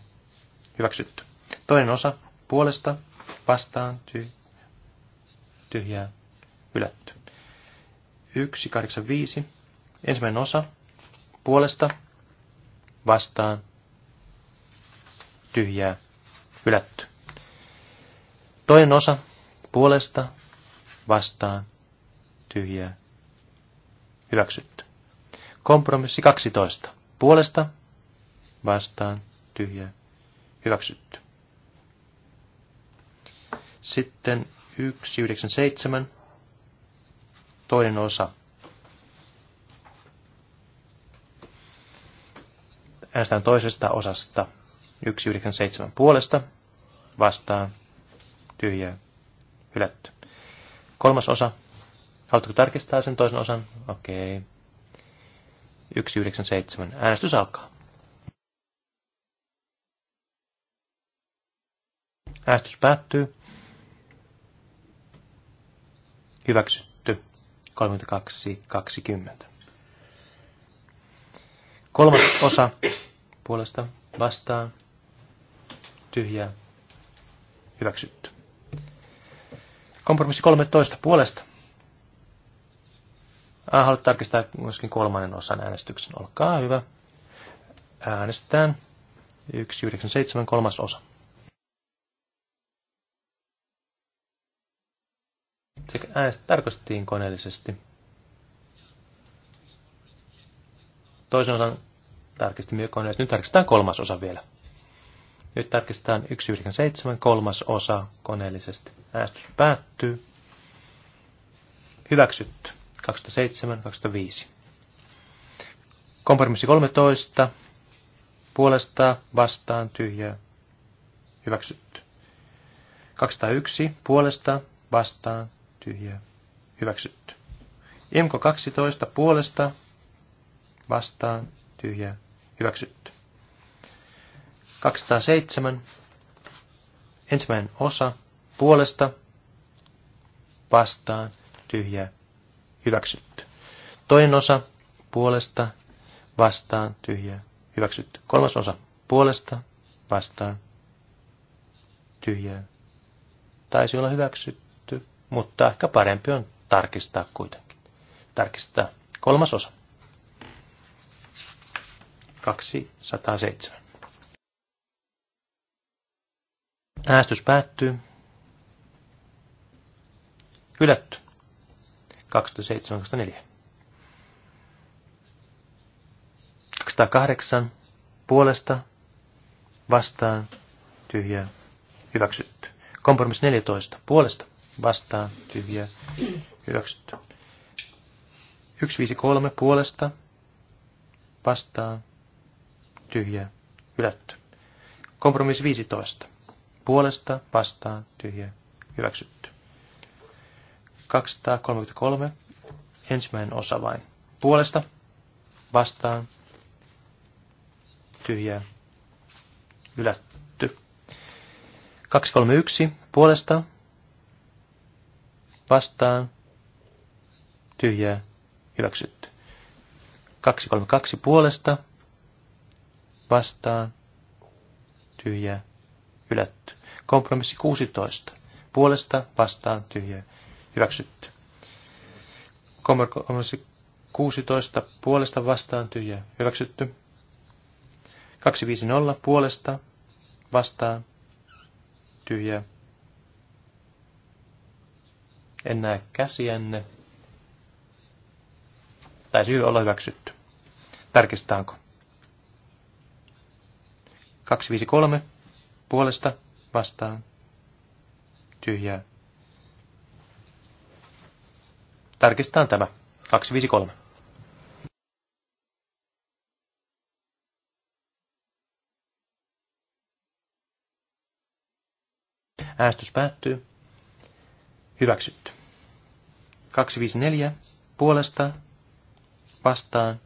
hyväksytty. Toinen osa, puolesta, vastaan, ty, tyhjää, hylätty. 185, ensimmäinen osa, puolesta, vastaan, tyhjää, hylätty. Toinen osa, puolesta, vastaan, tyhjää, Hyväksytty. Kompromissi 12. Puolesta, vastaan, tyhjä hyväksytty. Sitten 197, toinen osa. Äänestetään toisesta osasta 197 puolesta, vastaan, tyhjä hylätty. Kolmas osa Haluatko tarkistaa sen toisen osan? Okei. Okay. 197. Äänestys alkaa. Äänestys päättyy. Hyväksytty. 20. Kolmas osa puolesta vastaan. Tyhjää. Hyväksytty. Kompromissi 13 puolesta Ah, haluat tarkistaa myöskin kolmannen osan äänestyksen. Olkaa hyvä. Äänestetään 197 kolmas osa. Sekä äänestä tarkastettiin koneellisesti. Toisen osan myös koneellisesti. Nyt tarkistetaan kolmas osa vielä. Nyt tarkistetaan 197 kolmas osa koneellisesti. Äänestys päättyy. Hyväksytty. 2007-2005. Kompromissi 13. Puolesta vastaan tyhjä. Hyväksytty. 201. Puolesta vastaan tyhjä. Hyväksytty. Imko 12. Puolesta vastaan tyhjä. Hyväksytty. 207. Ensimmäinen osa. Puolesta vastaan tyhjää hyväksytty. Toinen osa puolesta vastaan tyhjää hyväksytty. Kolmas osa puolesta vastaan tyhjää. Taisi olla hyväksytty, mutta ehkä parempi on tarkistaa kuitenkin. Tarkistaa kolmas osa. 207. Äästys päättyy. Hylätty. 208 puolesta vastaan tyhjä hyväksytty. Kompromissi 14 puolesta vastaan tyhjä hyväksytty. 153 puolesta vastaan tyhjä hylätty. Kompromissi 15 puolesta vastaan tyhjä hyväksytty. 233, ensimmäinen osa vain. Puolesta, vastaan, tyhjää, ylätty. 231, puolesta, vastaan, tyhjää, hyväksytty. 232 puolesta, vastaan, tyhjää, ylätty. Kompromissi 16. Puolesta, vastaan, tyhjää, hyväksytty. Kompromissi 16 puolesta vastaan tyhjää hyväksytty. 250 puolesta vastaan tyhjää. En näe käsiänne. Taisi hyvä olla hyväksytty. Tarkistaanko? 253 puolesta vastaan tyhjää Tarkistetaan tämä. 253. Äänestys päättyy. Hyväksytty. 254. Puolesta. Vastaan.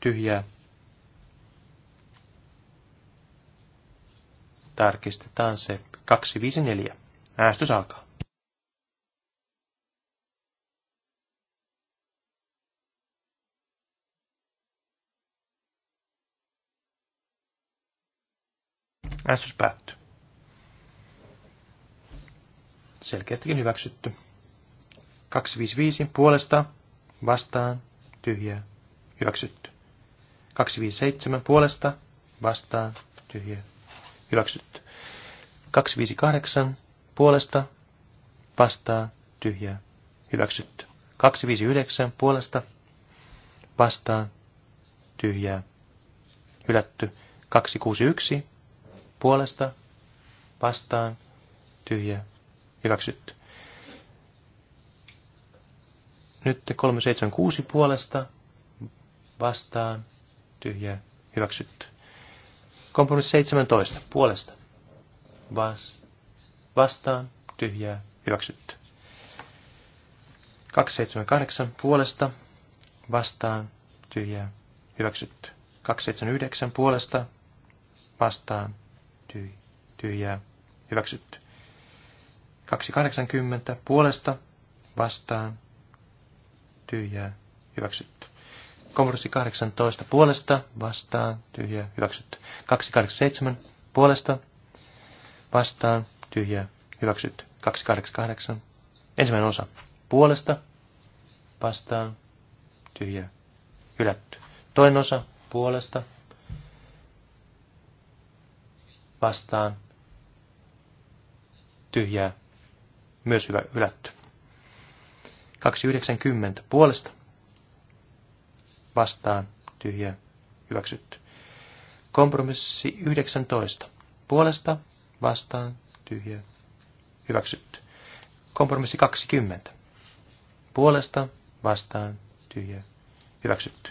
Tyhjää. Tarkistetaan se. 254. Äänestys alkaa. Äänestys päättyy. Selkeästikin hyväksytty. 255 puolesta, vastaan, tyhjää, hyväksytty. 257 puolesta, vastaan, tyhjää, hyväksytty. 258 puolesta, vastaan, tyhjää, hyväksytty. 259 puolesta, vastaan, tyhjää, hylätty. 261 puolesta, vastaan, tyhjä, hyväksytty. Nyt 376 puolesta, vastaan, tyhjä, hyväksytty. Kompromissi 17 puolesta, vas, vastaan, tyhjä hyväksytty. 278 puolesta, vastaan, tyhjä hyväksytty. 279 puolesta, vastaan, tyhjää hyväksytty. 280 puolesta vastaan tyhjää hyväksytty. Kompromissi 18 puolesta vastaan tyhjää hyväksytty. 287 puolesta vastaan tyhjää hyväksytty. 288 ensimmäinen osa puolesta vastaan tyhjää hylätty. Toinen osa puolesta vastaan tyhjää myös hyvä ylätty 290 puolesta vastaan tyhjää hyväksytty. Kompromissi 19 puolesta vastaan tyhjää hyväksytty. Kompromissi 20 puolesta vastaan tyhjää hyväksytty.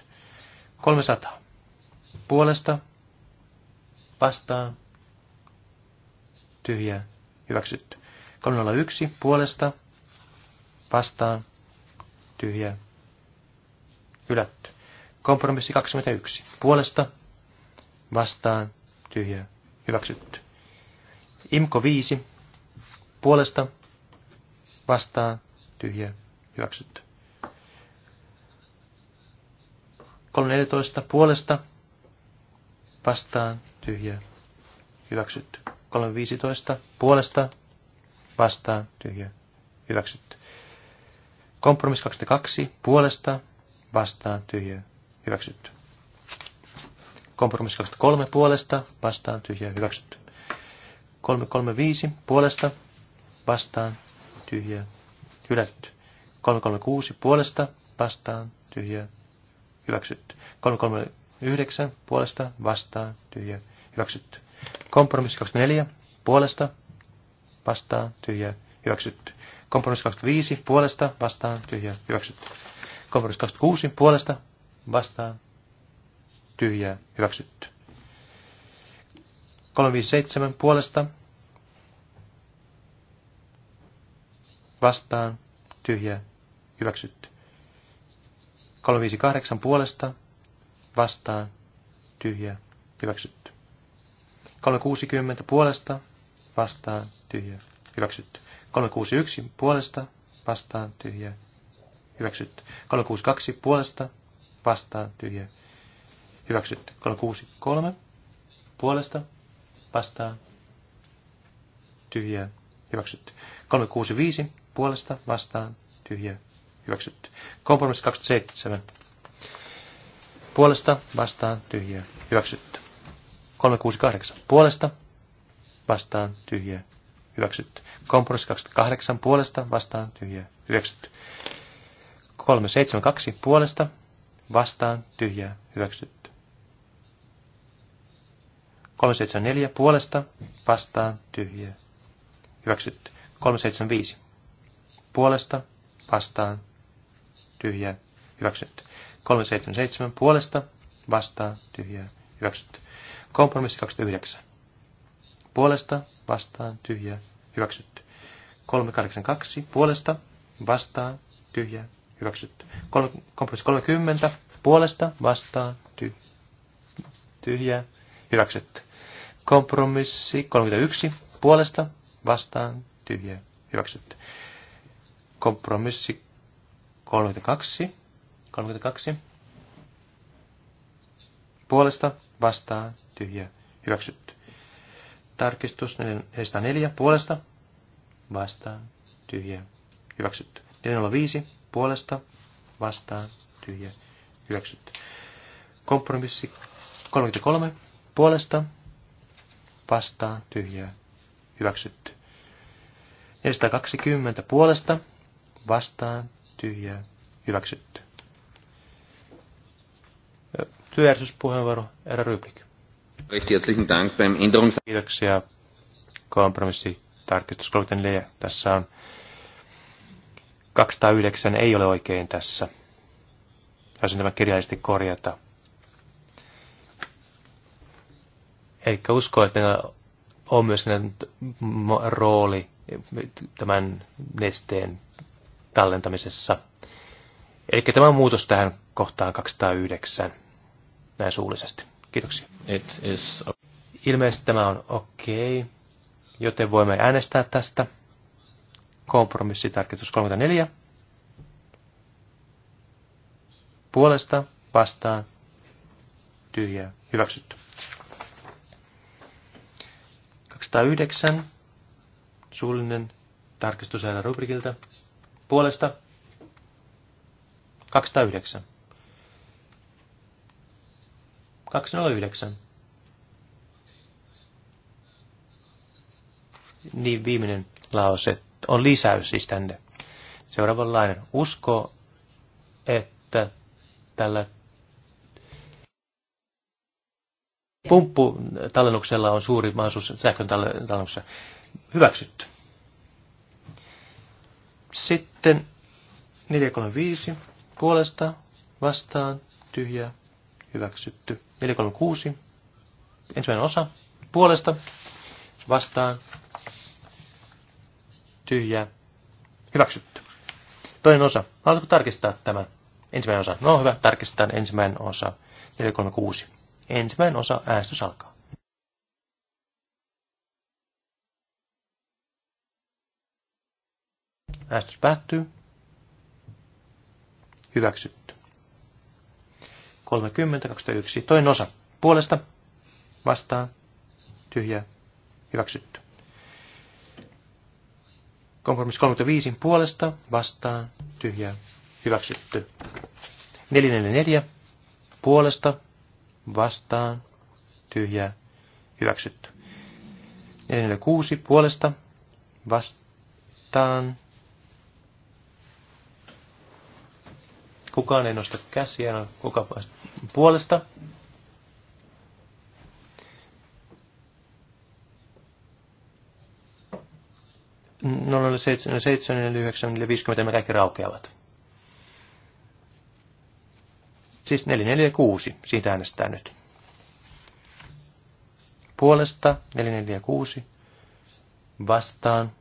300 puolesta vastaan tyhjää, hyväksytty. 301 puolesta, vastaan, tyhjää, hylätty. Kompromissi 21 puolesta, vastaan, tyhjää, hyväksytty. Imko 5 puolesta, vastaan, tyhjää, hyväksytty. 314 puolesta, vastaan, tyhjää, hyväksytty. 315 puolesta vastaan tyhjä hyväksytty. Kompromis 22 puolesta vastaan tyhjä hyväksytty. Kompromis 23 puolesta vastaan tyhjä hyväksytty. 335 puolesta vastaan tyhjä hylätty. 336 puolesta vastaan tyhjä hyväksytty. 339 puolesta vastaan tyhjä hyväksytty. Kompromissi 24 puolesta vastaan tyhjä hyväksytty. Kompromissi 25 puolesta vastaan tyhjä hyväksytty. Kompromissi 26 puolesta vastaan tyhjä, hyväksytty. 357 puolesta vastaan tyhjä, hyväksytty. 358 puolesta vastaan tyhjä, hyväksytty. 360 puolesta vastaan tyhjä hyväksytty. 361 puolesta vastaan tyhjä hyväksytty. 362 puolesta vastaan tyhjä hyväksytty. 363 puolesta vastaan tyhjä hyväksytty. 365 puolesta vastaan tyhjä hyväksytty. Kompromissi 27 puolesta vastaan tyhjä hyväksytty. 368 puolesta vastaan tyhjä hyväksytty. Kompromissi 28 puolesta vastaan tyhjä hyväksytty. 372 puolesta vastaan tyhjä hyväksytty. 374 puolesta vastaan tyhjä hyväksytty. 375 puolesta vastaan tyhjä hyväksytty. 377 puolesta vastaan tyhjä hyväksytty. Kompromissi 29. Puolesta, vastaan, tyhjä, hyväksytty. 382. Puolesta, vastaan, tyhjä, hyväksytty. Kolme, kompromissi 30. Puolesta, vastaan, ty, tyhjä, hyväksytty. Kompromissi 31. Puolesta, vastaan, tyhjä, hyväksytty. Kompromissi 32. 32. Puolesta, vastaan, tyhjä hyväksytty. Tarkistus 404 puolesta vastaan tyhjä hyväksytty. 405 puolesta vastaan tyhjä hyväksytty. Kompromissi 33 puolesta vastaan tyhjä hyväksytty. 420 puolesta vastaan tyhjä hyväksytty. Työjärjestyspuheenvuoro, Erä Ryblik. Kiitoksia. Kompromissi tarkistus 34. Tässä on 209 ei ole oikein tässä. Saisin tämä kirjallisesti korjata. Eikä usko, että on myös rooli tämän nesteen tallentamisessa. Eli tämä on muutos tähän kohtaan 209, näin suullisesti. Kiitoksia. It is... Ilmeisesti tämä on okei, okay, joten voimme äänestää tästä. Kompromissitarkistus 34. Puolesta, vastaan, tyhjää, hyväksytty. 209. Suullinen tarkistus rubrikilta. Puolesta 209. 209. Niin viimeinen lause on lisäys siis tänne. Seuraavanlainen. Usko, että tällä pumpputallennuksella on suuri mahdollisuus sähkön tallennuksessa hyväksytty. Sitten 435 puolesta vastaan tyhjä hyväksytty. 436, ensimmäinen osa, puolesta, vastaan, tyhjä hyväksytty. Toinen osa, haluatko tarkistaa tämä? Ensimmäinen osa, no hyvä, tarkistetaan ensimmäinen osa, 436. Ensimmäinen osa, äänestys alkaa. Äänestys päättyy. Hyväksytty. 30, 21. Toinen osa. Puolesta. Vastaan. tyhjä Hyväksytty. Kompromissi 35. Puolesta. Vastaan. tyhjä Hyväksytty. 444. Puolesta. Vastaan. tyhjä Hyväksytty. 446. Puolesta. Vastaan. Kukaan ei nosta käsiä, no, kuka puolesta. Nolla 7, 7, 9, 50 kaikki raukeavat. Siis 6. siitä äänestää nyt. Puolesta 4, 4, 6. vastaan,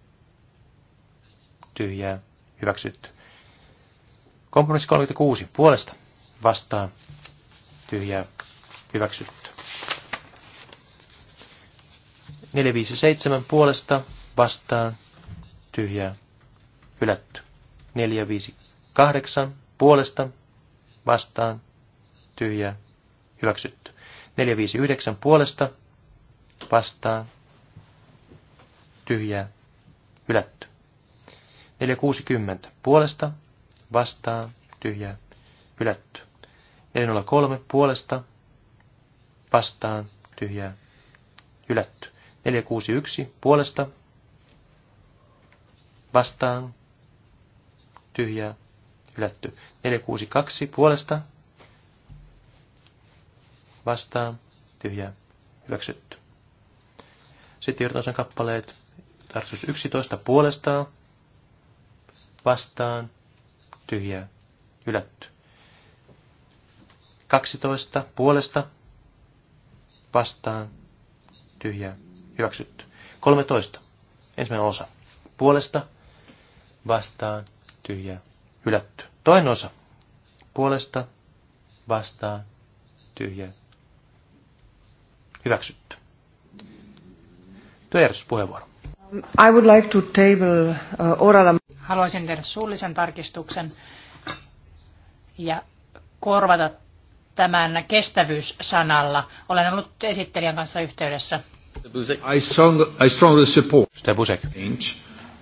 tyhjää, hyväksytty. Kompromissi 36 puolesta vastaan tyhjää hyväksytty. 457 puolesta vastaan tyhjää hylätty. 458 puolesta vastaan tyhjää hyväksytty. 459 puolesta vastaan tyhjää hylätty. 460 puolesta vastaan, tyhjää, hylätty. 403 puolesta, vastaan, tyhjää, hylätty. 461 puolesta, vastaan, tyhjää, hylätty. 462 puolesta, vastaan, tyhjää, hyväksytty. Sitten irtoisen kappaleet, tarkoitus 11 puolestaan, vastaan, tyhjää, hylätty. 12 puolesta vastaan tyhjää, hyväksytty. 13. Ensimmäinen osa. Puolesta vastaan tyhjää, hylätty. Toinen osa. Puolesta vastaan tyhjää, hyväksytty. Tuo puheenvuoro. I would like to table uh, oral Haluaisin tehdä suullisen tarkistuksen ja korvata tämän kestävyyssanalla. Olen ollut esittelijän kanssa yhteydessä. I strongly support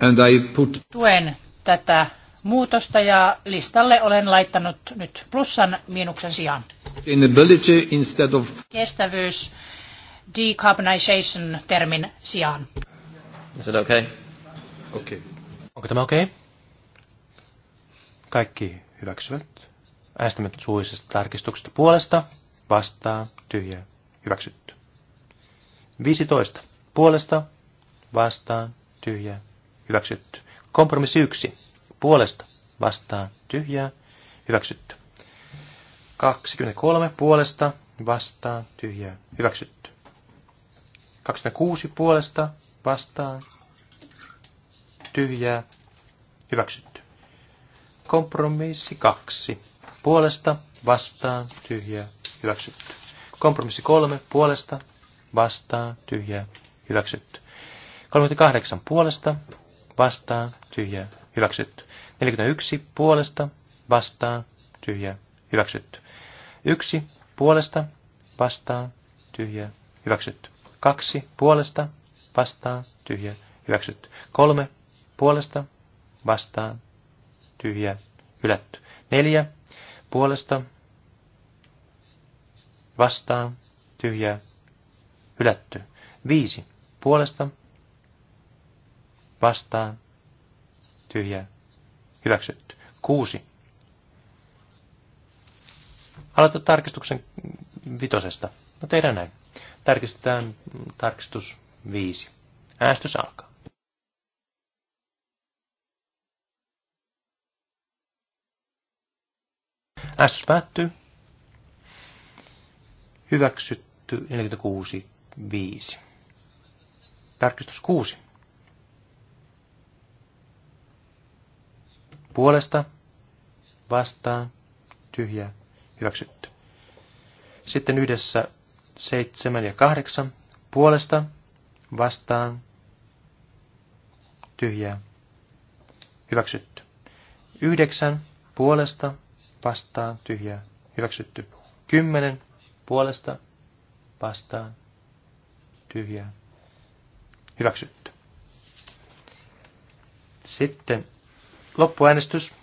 and I put... Tuen tätä muutosta ja listalle olen laittanut nyt plussan miinuksen sijaan. instead of... Kestävyys decarbonization termin sijaan. Is it okay? Okay. Onko tämä okei? Okay? Kaikki hyväksyvät. Äänestämme suullisesta tarkistuksesta puolesta, vastaan, tyhjä, hyväksytty. 15. Puolesta, vastaan, tyhjä, hyväksytty. Kompromissi 1. Puolesta, vastaan, tyhjä hyväksytty. 23. Puolesta, vastaan, tyhjä hyväksytty. 26. Puolesta, vastaan, tyhjä hyväksytty. Kompromissi kaksi. Puolesta, vastaan, tyhjä hyväksytty. Kompromissi kolme. Puolesta, vastaan, tyhjä hyväksytty. 38 puolesta, vastaan, tyhjä hyväksytty. 41 puolesta, vastaan, tyhjä hyväksytty. 1 puolesta, vastaan, tyhjä hyväksytty. 2 puolesta, vastaan, tyhjä hyväksytty. 3 puolesta, vastaan, tyhjä, hylätty. Neljä, puolesta, vastaan, tyhjä, hylätty. Viisi, puolesta, vastaan, tyhjä, hyväksytty. Kuusi. Aloita tarkistuksen vitosesta. No tehdään näin. Tarkistetaan tarkistus viisi. Äänestys alkaa. S päättyy. Hyväksytty 46, 5. Tarkistus 6. Puolesta, vastaan, tyhjä, hyväksytty. Sitten yhdessä 7 ja 8. Puolesta, vastaan, tyhjä hyväksytty. 9. Puolesta, vastaan, tyhjää, hyväksytty. kymmenen puolesta, vastaan, tyhjää, hyväksytty. Sitten loppuäänestys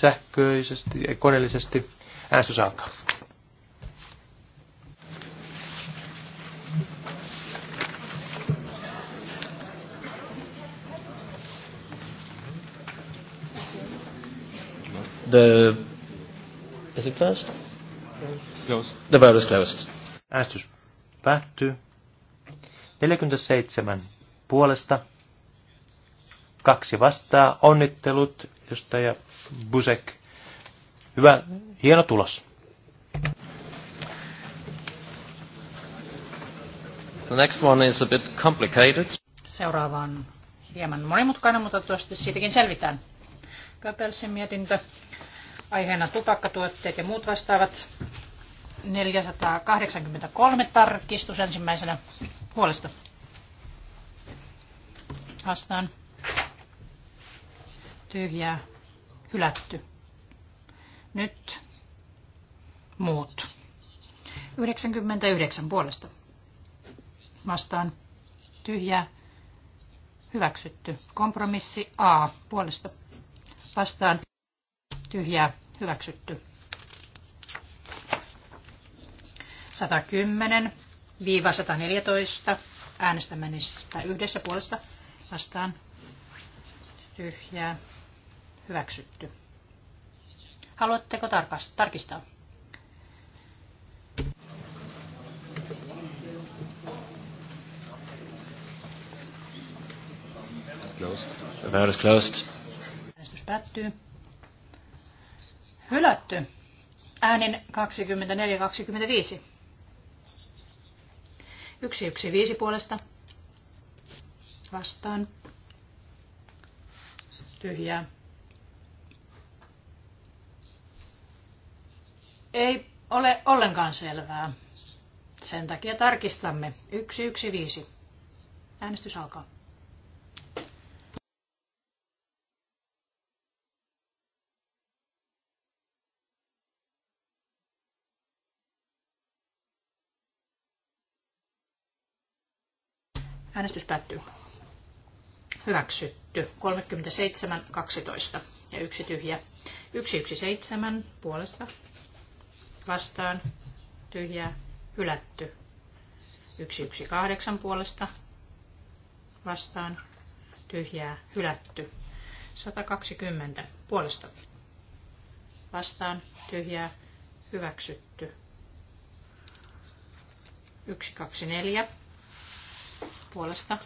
sähköisesti ja koneellisesti. Äänestys alkaa. The, is it first? Closed. The vote is closed. Äänestys päättyy. 47 puolesta. Kaksi vastaa. Onnittelut, edustaja Busek. Hyvä, hieno tulos. The next one is a bit complicated. Seuraava on hieman monimutkainen, mutta toivottavasti siitäkin selvitään. Köpelsin mietintö. Aiheena tupakkatuotteet ja muut vastaavat. 483 tarkistus ensimmäisenä puolesta. Vastaan. Tyhjää. Hylätty. Nyt muut. 99 puolesta. Vastaan. Tyhjää. Hyväksytty. Kompromissi A puolesta vastaan tyhjää hyväksytty. 110-114 äänestämänistä yhdessä puolesta vastaan tyhjää hyväksytty. Haluatteko tarkistaa? Closed. The vote is closed päättyy. Hylätty. Äänin 24-25. viisi puolesta. Vastaan. Tyhjää. Ei ole ollenkaan selvää. Sen takia tarkistamme. viisi. Äänestys alkaa. Äänestys päättyy. Hyväksytty. 37, 12 ja yksi tyhjä. 117 puolesta vastaan Tyhjä. hylätty. 118 puolesta vastaan tyhjää hylätty. 120 puolesta vastaan tyhjää hyväksytty. 124 puolesta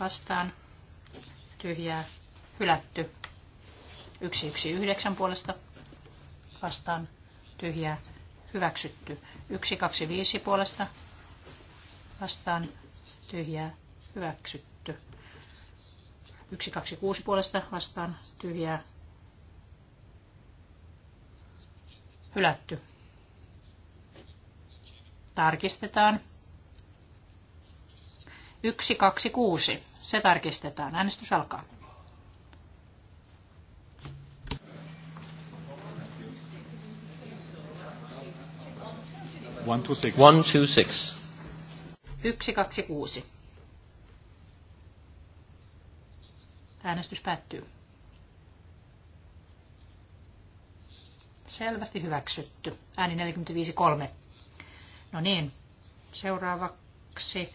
vastaan tyhjää hylätty. 119 puolesta vastaan tyhjää hyväksytty. 125 puolesta vastaan tyhjää hyväksytty. 126 puolesta vastaan tyhjää hylätty. Tarkistetaan. 126. Se tarkistetaan. Äänestys alkaa. One, two, six. One, two, six. Yksi, kaksi, kuusi. Äänestys päättyy. Selvästi hyväksytty. Ääni 45.3. No niin, seuraavaksi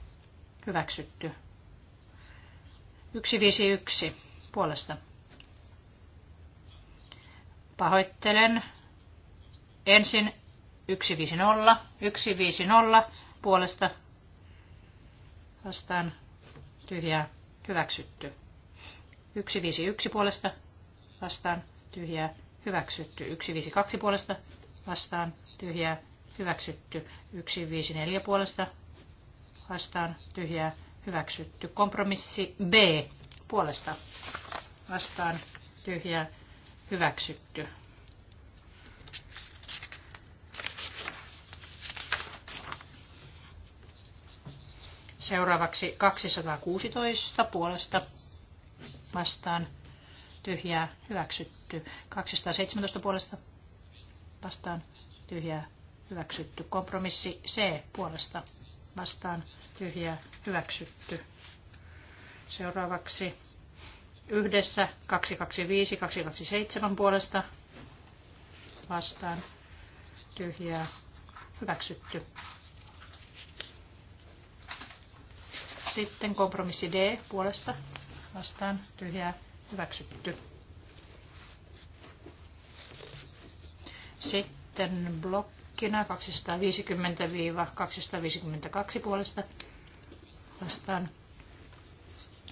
Hyväksytty. 151 puolesta. Pahoittelen. Ensin 150, 150 puolesta vastaan tyhjää hyväksytty. 151 puolesta vastaan tyhjää hyväksytty. 152 puolesta vastaan tyhjää hyväksytty. 154 puolesta vastaan tyhjää hyväksytty. Kompromissi B puolesta vastaan tyhjää hyväksytty. Seuraavaksi 216 puolesta vastaan tyhjää hyväksytty. 217 puolesta vastaan tyhjää hyväksytty. Kompromissi C puolesta vastaan tyhjä hyväksytty. Seuraavaksi yhdessä 225, 227 puolesta vastaan tyhjää hyväksytty. Sitten kompromissi D puolesta vastaan tyhjää hyväksytty. Sitten blokkina 250-252 puolesta vastaan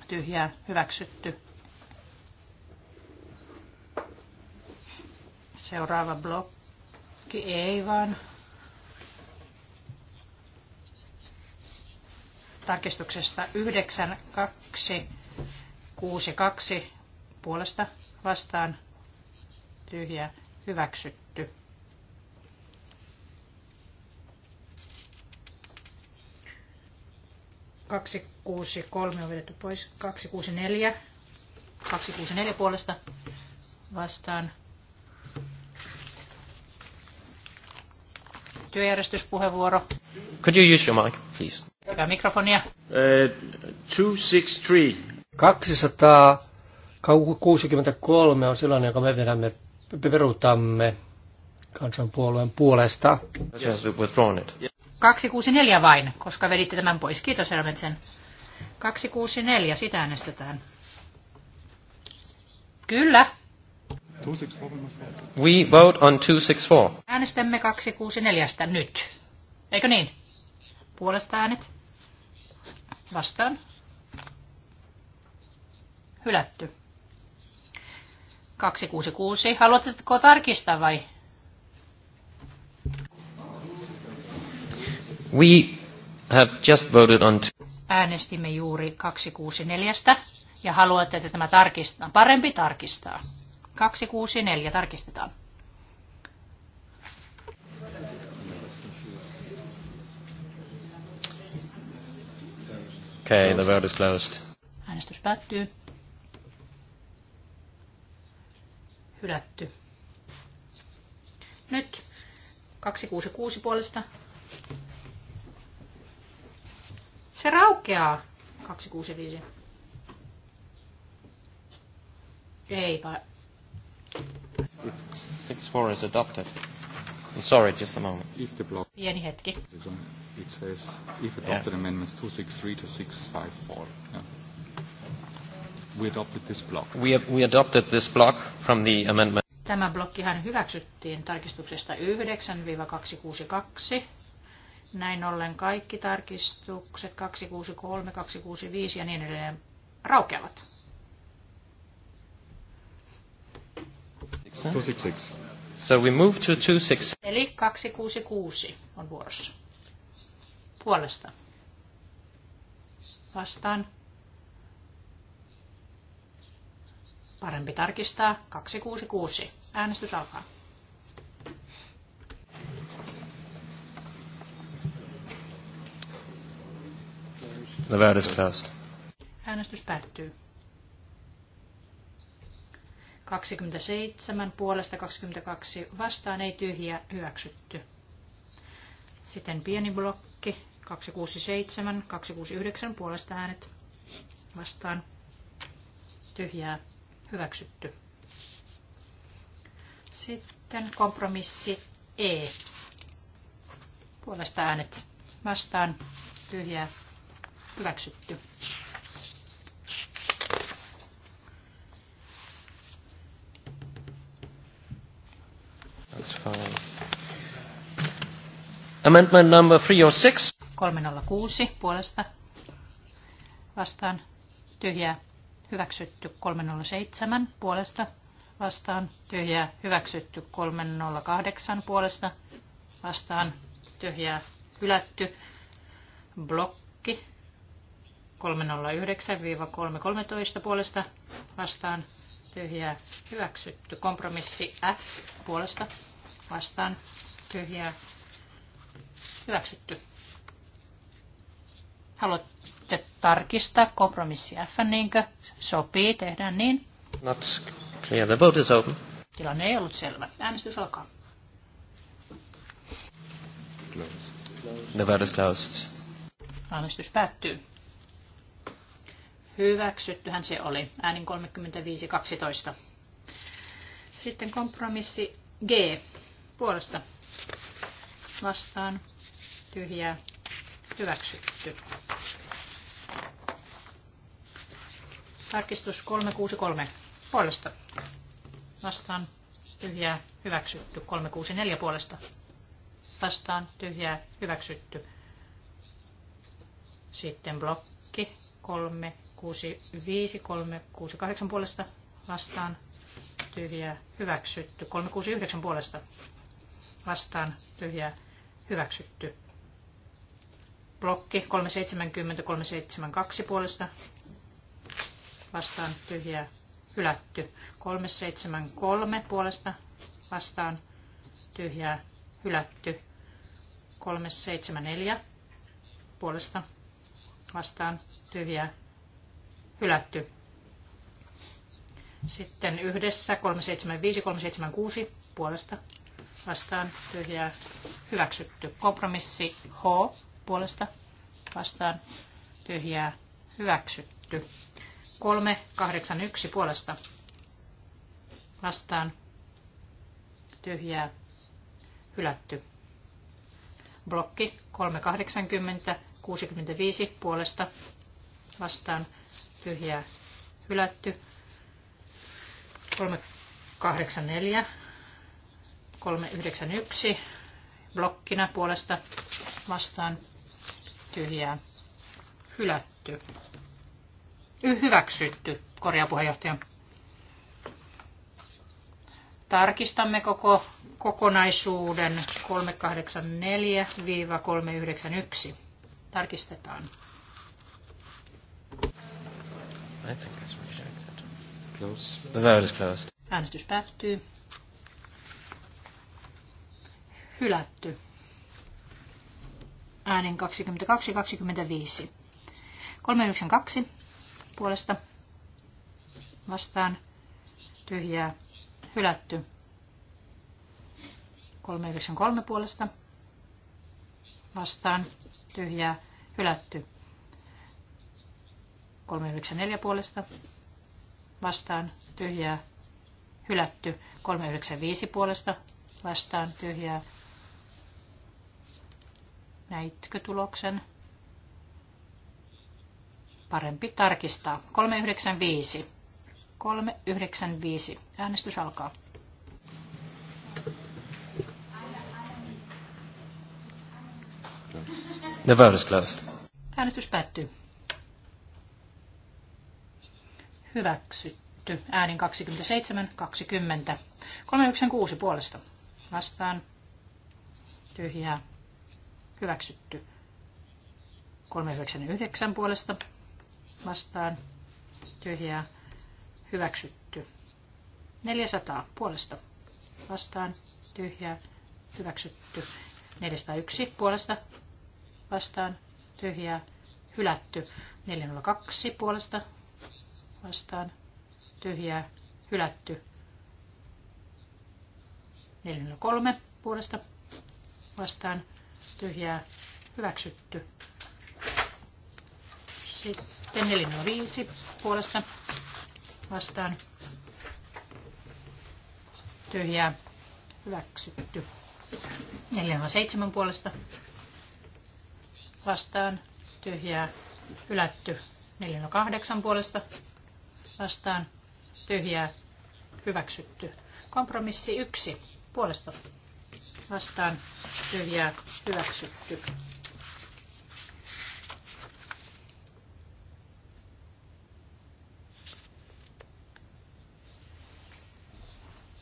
tyhjää hyväksytty. Seuraava blokki ei vaan. Tarkistuksesta 9262 puolesta vastaan tyhjää hyväksytty. 263 on vedetty pois. 264. 264 puolesta vastaan. Työjärjestyspuheenvuoro. Could you use your mic, please? Hyvä mikrofonia. Uh, 263. 263 on sellainen, joka me vedämme, peruutamme kansanpuolueen puolesta. Yes, withdrawn it. Yeah. 264 vain, koska veditte tämän pois. Kiitos, Hermetsen. 264, sitä äänestetään. Kyllä. We vote on 264. Äänestämme 264 nyt. Eikö niin? Puolesta äänet. Vastaan. Hylätty. 266. Haluatteko tarkistaa vai We have just voted on Äänestimme juuri 264 ja haluatte, että tämä tarkistetaan. Parempi tarkistaa. 264 tarkistetaan. Okay, the vote is closed. Äänestys päättyy. Hylätty. Nyt 266 puolesta Se raukeaa 265. Ei vaan. 64 is adopted. I'm sorry, just a moment. If the block Pieni hetki. It says if adopted yeah. amendments 263 to 654. Yeah. We adopted this block. We, we adopted this block from the amendment. Tämä blokkihan hyväksyttiin tarkistuksesta 9-262 näin ollen kaikki tarkistukset 263, 265 ja niin edelleen raukeavat. 266. So we move to 266. Eli 266 on vuorossa. Puolesta. Vastaan. Parempi tarkistaa. 266. Äänestys alkaa. The is closed. Äänestys päättyy. 27 puolesta 22 vastaan ei tyhjiä hyväksytty. Sitten pieni blokki 267, 269 puolesta äänet vastaan tyhjää hyväksytty. Sitten kompromissi E. Puolesta äänet vastaan tyhjää Hyväksytty. That's fine. Amendment number 306. 306 puolesta vastaan tyhjää hyväksytty 307 puolesta vastaan tyhjää hyväksytty 308 puolesta vastaan tyhjää hylätty blokki 309-313 puolesta vastaan tyhjää hyväksytty. Kompromissi F puolesta vastaan tyhjää hyväksytty. Haluatte tarkistaa kompromissi F, niinkö? Sopii, tehdään niin. Not clear. The vote is open. Tilanne ei ollut selvä. Äänestys alkaa. The vote is closed. Äänestys päättyy. Hyväksyttyhän se oli. Äänin 35.12. Sitten kompromissi G puolesta vastaan tyhjää hyväksytty. Tarkistus 363 puolesta vastaan tyhjää hyväksytty. 364 puolesta vastaan tyhjää hyväksytty. Sitten blokki 3, 6, puolesta vastaan. Tyhjää hyväksytty. 369 puolesta vastaan. Tyhjää hyväksytty. Blokki 370, 372 puolesta vastaan. Tyhjää hylätty. 373 puolesta vastaan. Tyhjää hylätty. 374 puolesta vastaan tyhjää hylätty. Sitten yhdessä 375, 376 puolesta vastaan tyhjää hyväksytty. Kompromissi H puolesta vastaan tyhjää hyväksytty. 381 puolesta vastaan tyhjää hylätty. Blokki 380 65 puolesta vastaan tyhjää hylätty. 384, 391 blokkina puolesta vastaan tyhjää hylätty. Hyväksytty, korjaa puheenjohtaja. Tarkistamme koko kokonaisuuden 384-391. Tarkistetaan. closed. The vote is closed. Äänestys päättyy. Hylätty. Äänin 22-25. 392 puolesta vastaan tyhjää hylätty. 393 puolesta vastaan tyhjää hylätty. 394 puolesta vastaan tyhjää hylätty. 395 puolesta vastaan tyhjää. Näitkö tuloksen? Parempi tarkistaa. 395. 395. Äänestys alkaa. The vote is closed. Äänestys päättyy. Hyväksytty. Äänin 27, 20. 396 puolesta. Vastaan. Tyhjää. Hyväksytty. 399 puolesta. Vastaan. Tyhjää. Hyväksytty. 400 puolesta. Vastaan. Tyhjää. Hyväksytty. 401 puolesta. Vastaan. Tyhjää. Hylätty. 402 puolesta vastaan tyhjää hylätty. 43 puolesta vastaan tyhjää hyväksytty. Sitten 405 puolesta vastaan tyhjää hyväksytty. 407 puolesta vastaan tyhjää hylätty. 408 puolesta vastaan tyhjää hyväksytty. Kompromissi yksi puolesta vastaan tyhjää hyväksytty.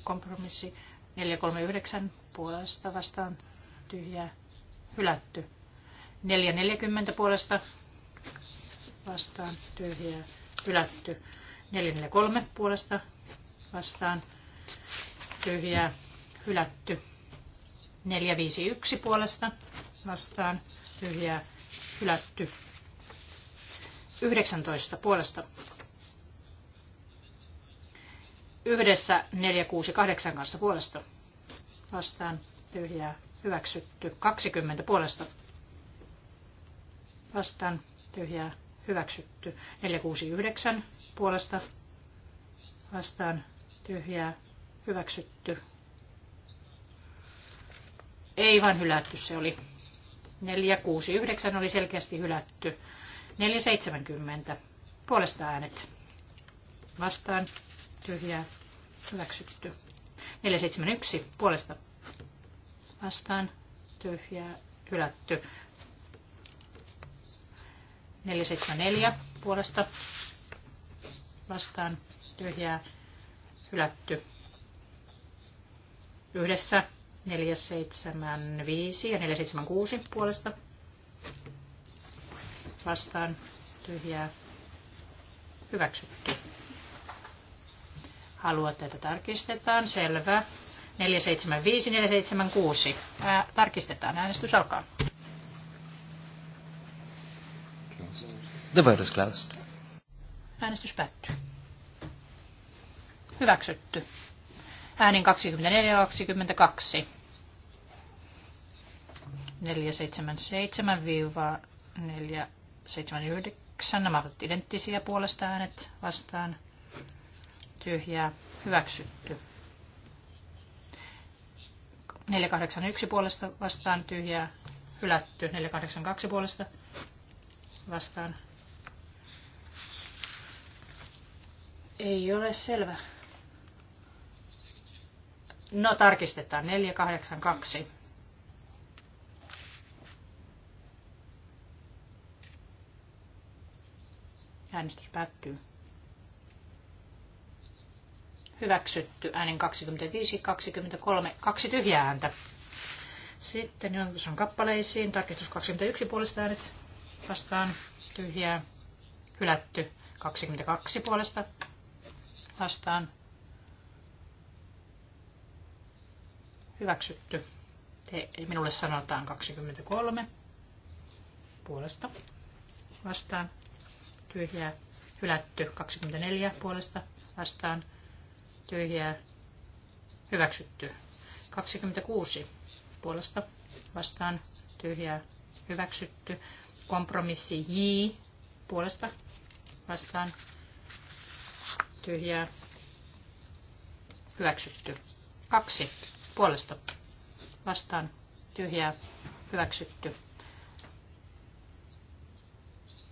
Kompromissi 439 puolesta vastaan tyhjää hylätty. 440 puolesta vastaan tyhjää hylätty. 443 puolesta vastaan tyhjää hylätty. 451 puolesta vastaan tyhjää hylätty. 19 puolesta yhdessä 468 kanssa puolesta vastaan tyhjää hyväksytty. 20 puolesta vastaan tyhjää hyväksytty. 469 puolesta vastaan tyhjää hyväksytty. Ei vaan hylätty se oli. 469 oli selkeästi hylätty. 470 puolesta äänet vastaan tyhjää hyväksytty. 471 puolesta vastaan tyhjää hylätty. 474 puolesta vastaan tyhjää hylätty. Yhdessä 475 ja 476 puolesta vastaan tyhjää hyväksytty. Haluatte, että tarkistetaan. Selvä. 475, 476. Ää, tarkistetaan. Äänestys alkaa. The vote is closed. Äänestys päättyy. Hyväksytty. Äänin 24 22. 477-479. Nämä ovat identtisiä puolesta äänet vastaan. Tyhjää. Hyväksytty. 481 puolesta vastaan tyhjää. Hylätty. 482 puolesta vastaan Ei ole selvä. No tarkistetaan. 482. Äänestys päättyy. Hyväksytty. Äänen 25, 23, kaksi tyhjää ääntä. Sitten jonotus on kappaleisiin. Tarkistus 21 puolesta äänet vastaan. Tyhjää. Hylätty. 22 puolesta vastaan hyväksytty. Te, minulle sanotaan 23 puolesta vastaan tyhjää hylätty 24 puolesta vastaan tyhjää hyväksytty 26 puolesta vastaan tyhjää hyväksytty kompromissi J puolesta vastaan tyhjää hyväksytty. Kaksi puolesta vastaan tyhjää hyväksytty.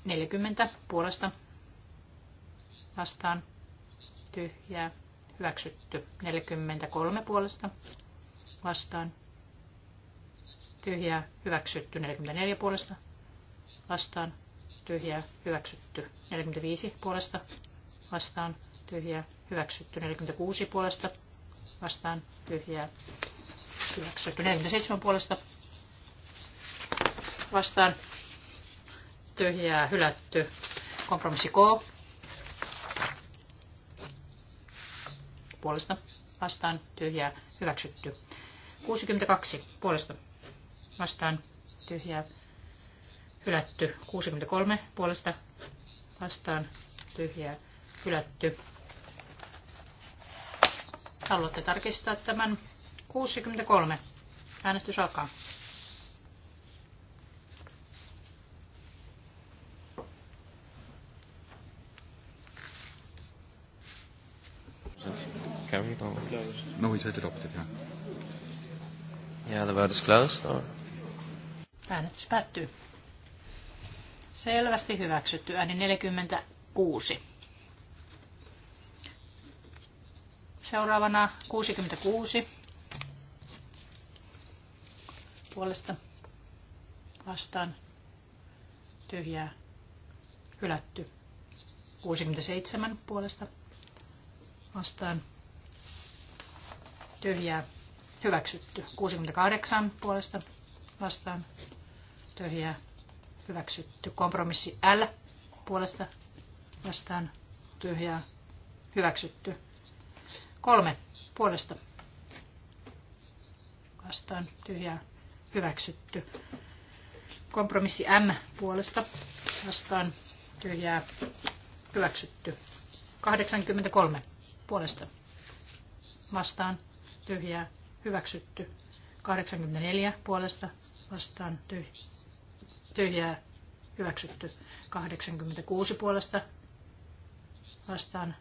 40 puolesta vastaan tyhjää hyväksytty. 43 puolesta vastaan tyhjää hyväksytty. 44 puolesta vastaan tyhjää hyväksytty. 45 puolesta vastaan tyhjää, hyväksytty 46 puolesta, vastaan tyhjää, hyväksytty 47 puolesta, vastaan tyhjää, hylätty, kompromissi K, puolesta, vastaan tyhjää, hyväksytty 62 puolesta, vastaan tyhjää, hylätty 63 puolesta, vastaan tyhjää, hylätty Haluatte tarkistaa tämän 63. Äänestys alkaa. Carry or? No, we said adopted, yeah. Yeah, the vote is closed, or? Äänestys päättyy. Selvästi hyväksytty. Ääni 46. Seuraavana 66 puolesta vastaan tyhjää hylätty. 67 puolesta vastaan tyhjää hyväksytty. 68 puolesta vastaan tyhjää hyväksytty. Kompromissi L puolesta vastaan tyhjää hyväksytty. Kolme puolesta vastaan tyhjää hyväksytty. Kompromissi M puolesta vastaan tyhjää hyväksytty. 83 puolesta vastaan tyhjää hyväksytty. 84 puolesta vastaan tyhjää hyväksytty. 86 puolesta vastaan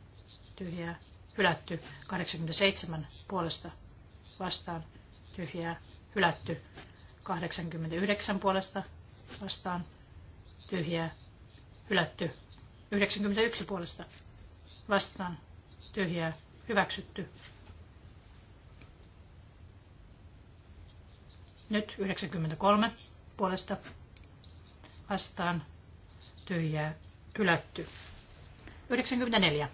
tyhjää hylätty. 87 puolesta vastaan tyhjää hylätty. 89 puolesta vastaan tyhjää hylätty. 91 puolesta vastaan tyhjää hyväksytty. Nyt 93 puolesta vastaan tyhjää hylätty. 94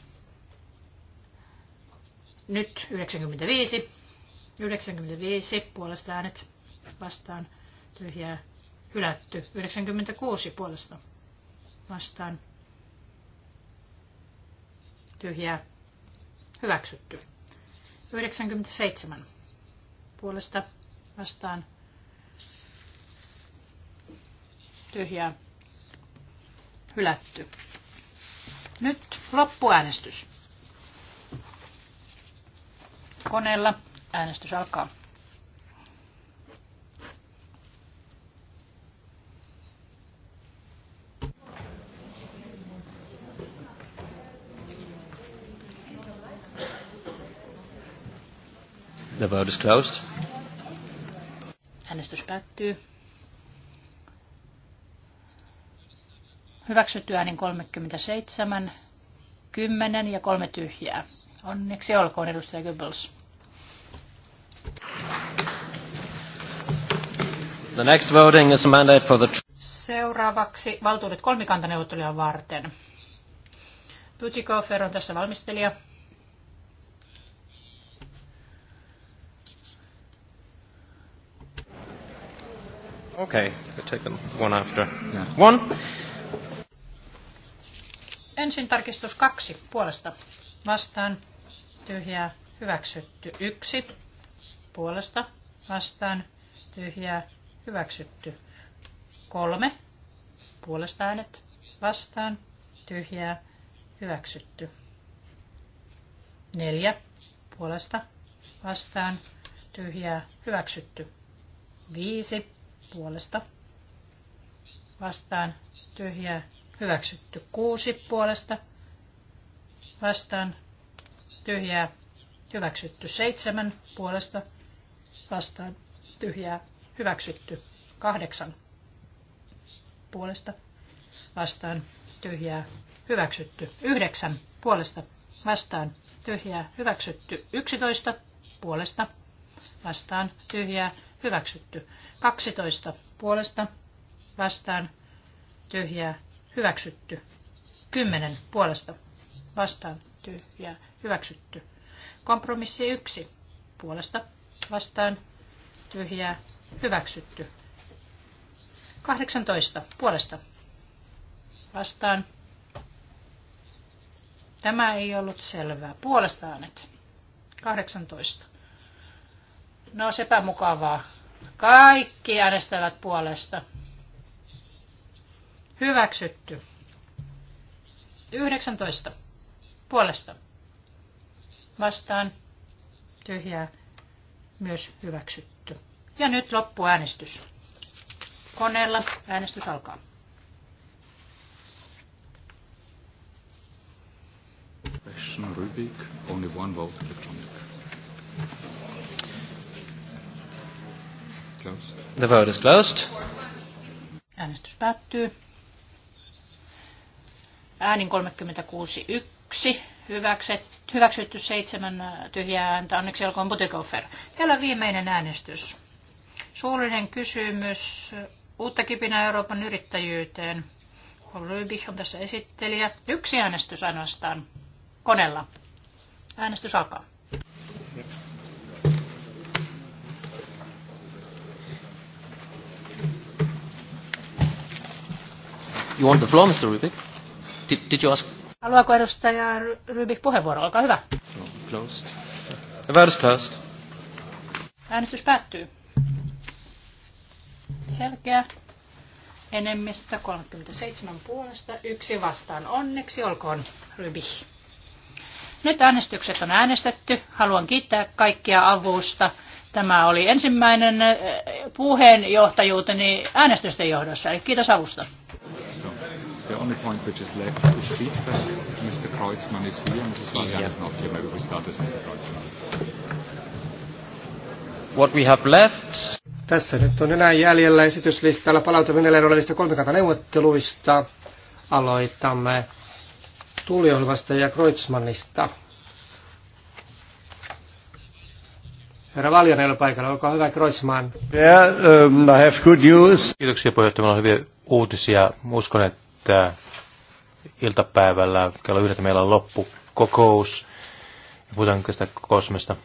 nyt 95. 95 puolesta äänet vastaan tyhjää hylätty. 96 puolesta vastaan tyhjää hyväksytty. 97 puolesta vastaan tyhjää hylätty. Nyt loppuäänestys koneella. Äänestys alkaa. The vote is closed. Äänestys päättyy. Hyväksytty äänin 37, 10 ja 3 tyhjää. Onneksi olkoon, edustaja Goebbels. The next voting is a mandate for the... Seuraavaksi valtuudet kolmikantaneuvotteluja varten. Pytikofer on tässä valmistelija. Okay, we take them one after yeah. one. Ensin tarkistus kaksi puolesta. Vastaan tyhjää, hyväksytty. Yksi puolesta vastaan tyhjää, hyväksytty. Kolme puolesta äänet vastaan tyhjää, hyväksytty. Neljä puolesta vastaan tyhjää, hyväksytty. Viisi puolesta vastaan tyhjää, hyväksytty. Kuusi puolesta vastaan tyhjää, hyväksytty. Seitsemän puolesta vastaan tyhjää, hyväksytty. Kahdeksan puolesta vastaan tyhjää, hyväksytty. Yhdeksän puolesta vastaan tyhjää, hyväksytty. Yksitoista puolesta vastaan tyhjää, hyväksytty. Kaksitoista puolesta vastaan tyhjää, hyväksytty. Kymmenen puolesta vastaan tyhjää, Hyväksytty. Kompromissi yksi. Puolesta vastaan. Tyhjää. Hyväksytty. 18. Puolesta. Vastaan. Tämä ei ollut selvää. Puolesta äänet. 18. No sepä mukavaa. Kaikki äänestävät puolesta. Hyväksytty. 19. Puolesta vastaan tyhjää myös hyväksytty. Ja nyt äänestys. Koneella äänestys alkaa. The vote is closed. Äänestys päättyy. Äänin 36.1 hyväksytty seitsemän äh, tyhjää ääntä. Onneksi olkoon Butikofer. Vielä viimeinen äänestys. Suullinen kysymys uutta kipinää Euroopan yrittäjyyteen. Rybich on tässä esittelijä. Yksi äänestys ainoastaan koneella. Äänestys alkaa. You want the floor, Mr. Rubik? Did, did you ask Haluaako edustaja Rybik puheenvuoro? Olkaa hyvä. Closed. closed. Äänestys päättyy. Selkeä. Enemmistö 37 puolesta, yksi vastaan. Onneksi olkoon, Ryby. Nyt äänestykset on äänestetty. Haluan kiittää kaikkia avusta. Tämä oli ensimmäinen puheenjohtajuuteni äänestysten johdossa, eli kiitos avusta. The only point which is left is feedback. Mr. Kreuzmann is here. Mrs. Valian yeah. is not here. Maybe we start with Mr. Kreuzmann. What we have left. Tässä nyt on enää jäljellä esityslistalla palautuminen meneillään kolmikata neuvotteluista. Aloitamme Tuliolvasta ja Kreutzmannista. Herra Valjan ei paikalla, olkaa hyvä Kreutzmann. Yeah, um, I have good news. Kiitoksia puheenjohtaja, on hyviä uutisia. Uskon, että että iltapäivällä kello yhdeltä meillä on loppukokous. Ja puhutaan tästä kosmesta.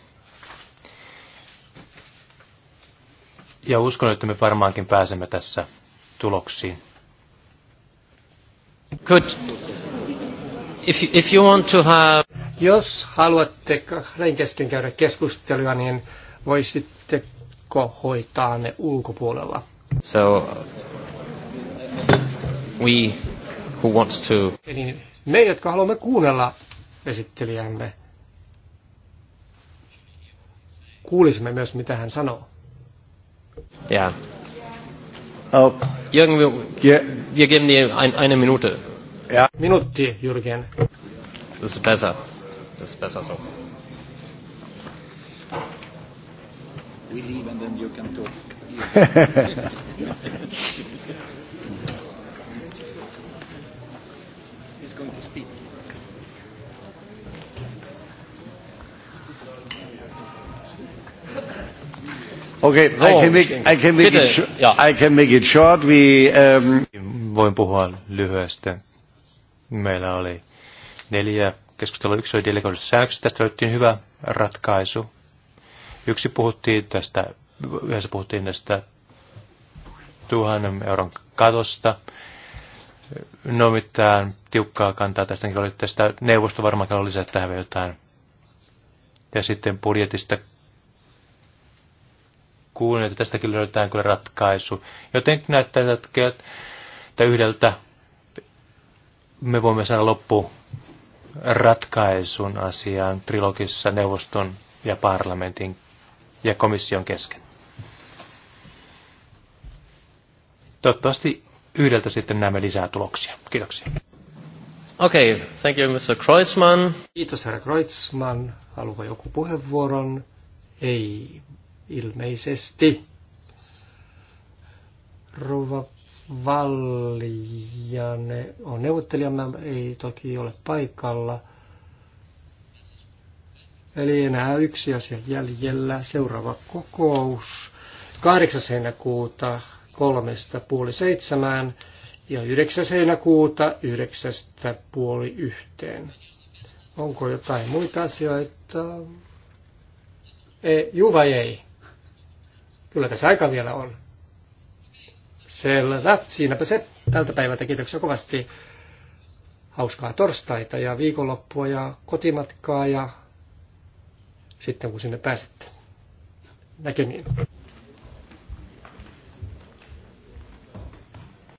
Ja uskon, että me varmaankin pääsemme tässä tuloksiin. Good. If, you, if you want to have... Jos haluatte kahden kesken käydä keskustelua, niin voisitteko hoitaa ne ulkopuolella? So, we who wants to... Eli me, jotka haluamme kuunnella esittelijämme, kuulisimme myös, mitä hän sanoo. Yeah. Oh. Jürgen, wir, yeah. wir geben dir ein, eine Minute. Ja. Yeah. Minuutti, Jürgen. Das ist besser. Das ist besser so. We leave and then you can talk. Okay, so, I, can oh, make, I, can make it, I can make it short. We, um... Voin puhua lyhyesti. Meillä oli neljä keskustelua. Yksi oli delegoidusta säännöksistä. Tästä löyttiin hyvä ratkaisu. Yksi puhuttiin tästä, yhdessä puhuttiin tästä tuhannen euron katosta. No mitään tiukkaa kantaa tästäkin oli. Tästä neuvosto varmaan oli lisätä tähän jotain. Ja sitten budjetista kuulin, että tästäkin löydetään kyllä ratkaisu. Joten näyttää että yhdeltä me voimme saada loppu ratkaisun asiaan trilogissa neuvoston ja parlamentin ja komission kesken. Toivottavasti yhdeltä sitten näemme lisää tuloksia. Kiitoksia. Okei, okay, thank you Mr. Kreutzmann. Kiitos herra Kreutzmann. haluaa joku puheenvuoron? Ei ilmeisesti. Rouva Valjane on neuvottelijamme, ei toki ole paikalla. Eli enää yksi asia jäljellä. Seuraava kokous 8. heinäkuuta kolmesta puoli seitsemään ja 9. heinäkuuta yhdeksästä puoli yhteen. Onko jotain muita asioita? Ei, juu vai ei? Kyllä tässä aika vielä on. Selvä. Siinäpä se tältä päivältä. Kiitoksia kovasti. Hauskaa torstaita ja viikonloppua ja kotimatkaa ja sitten kun sinne pääsette. Näkemiin.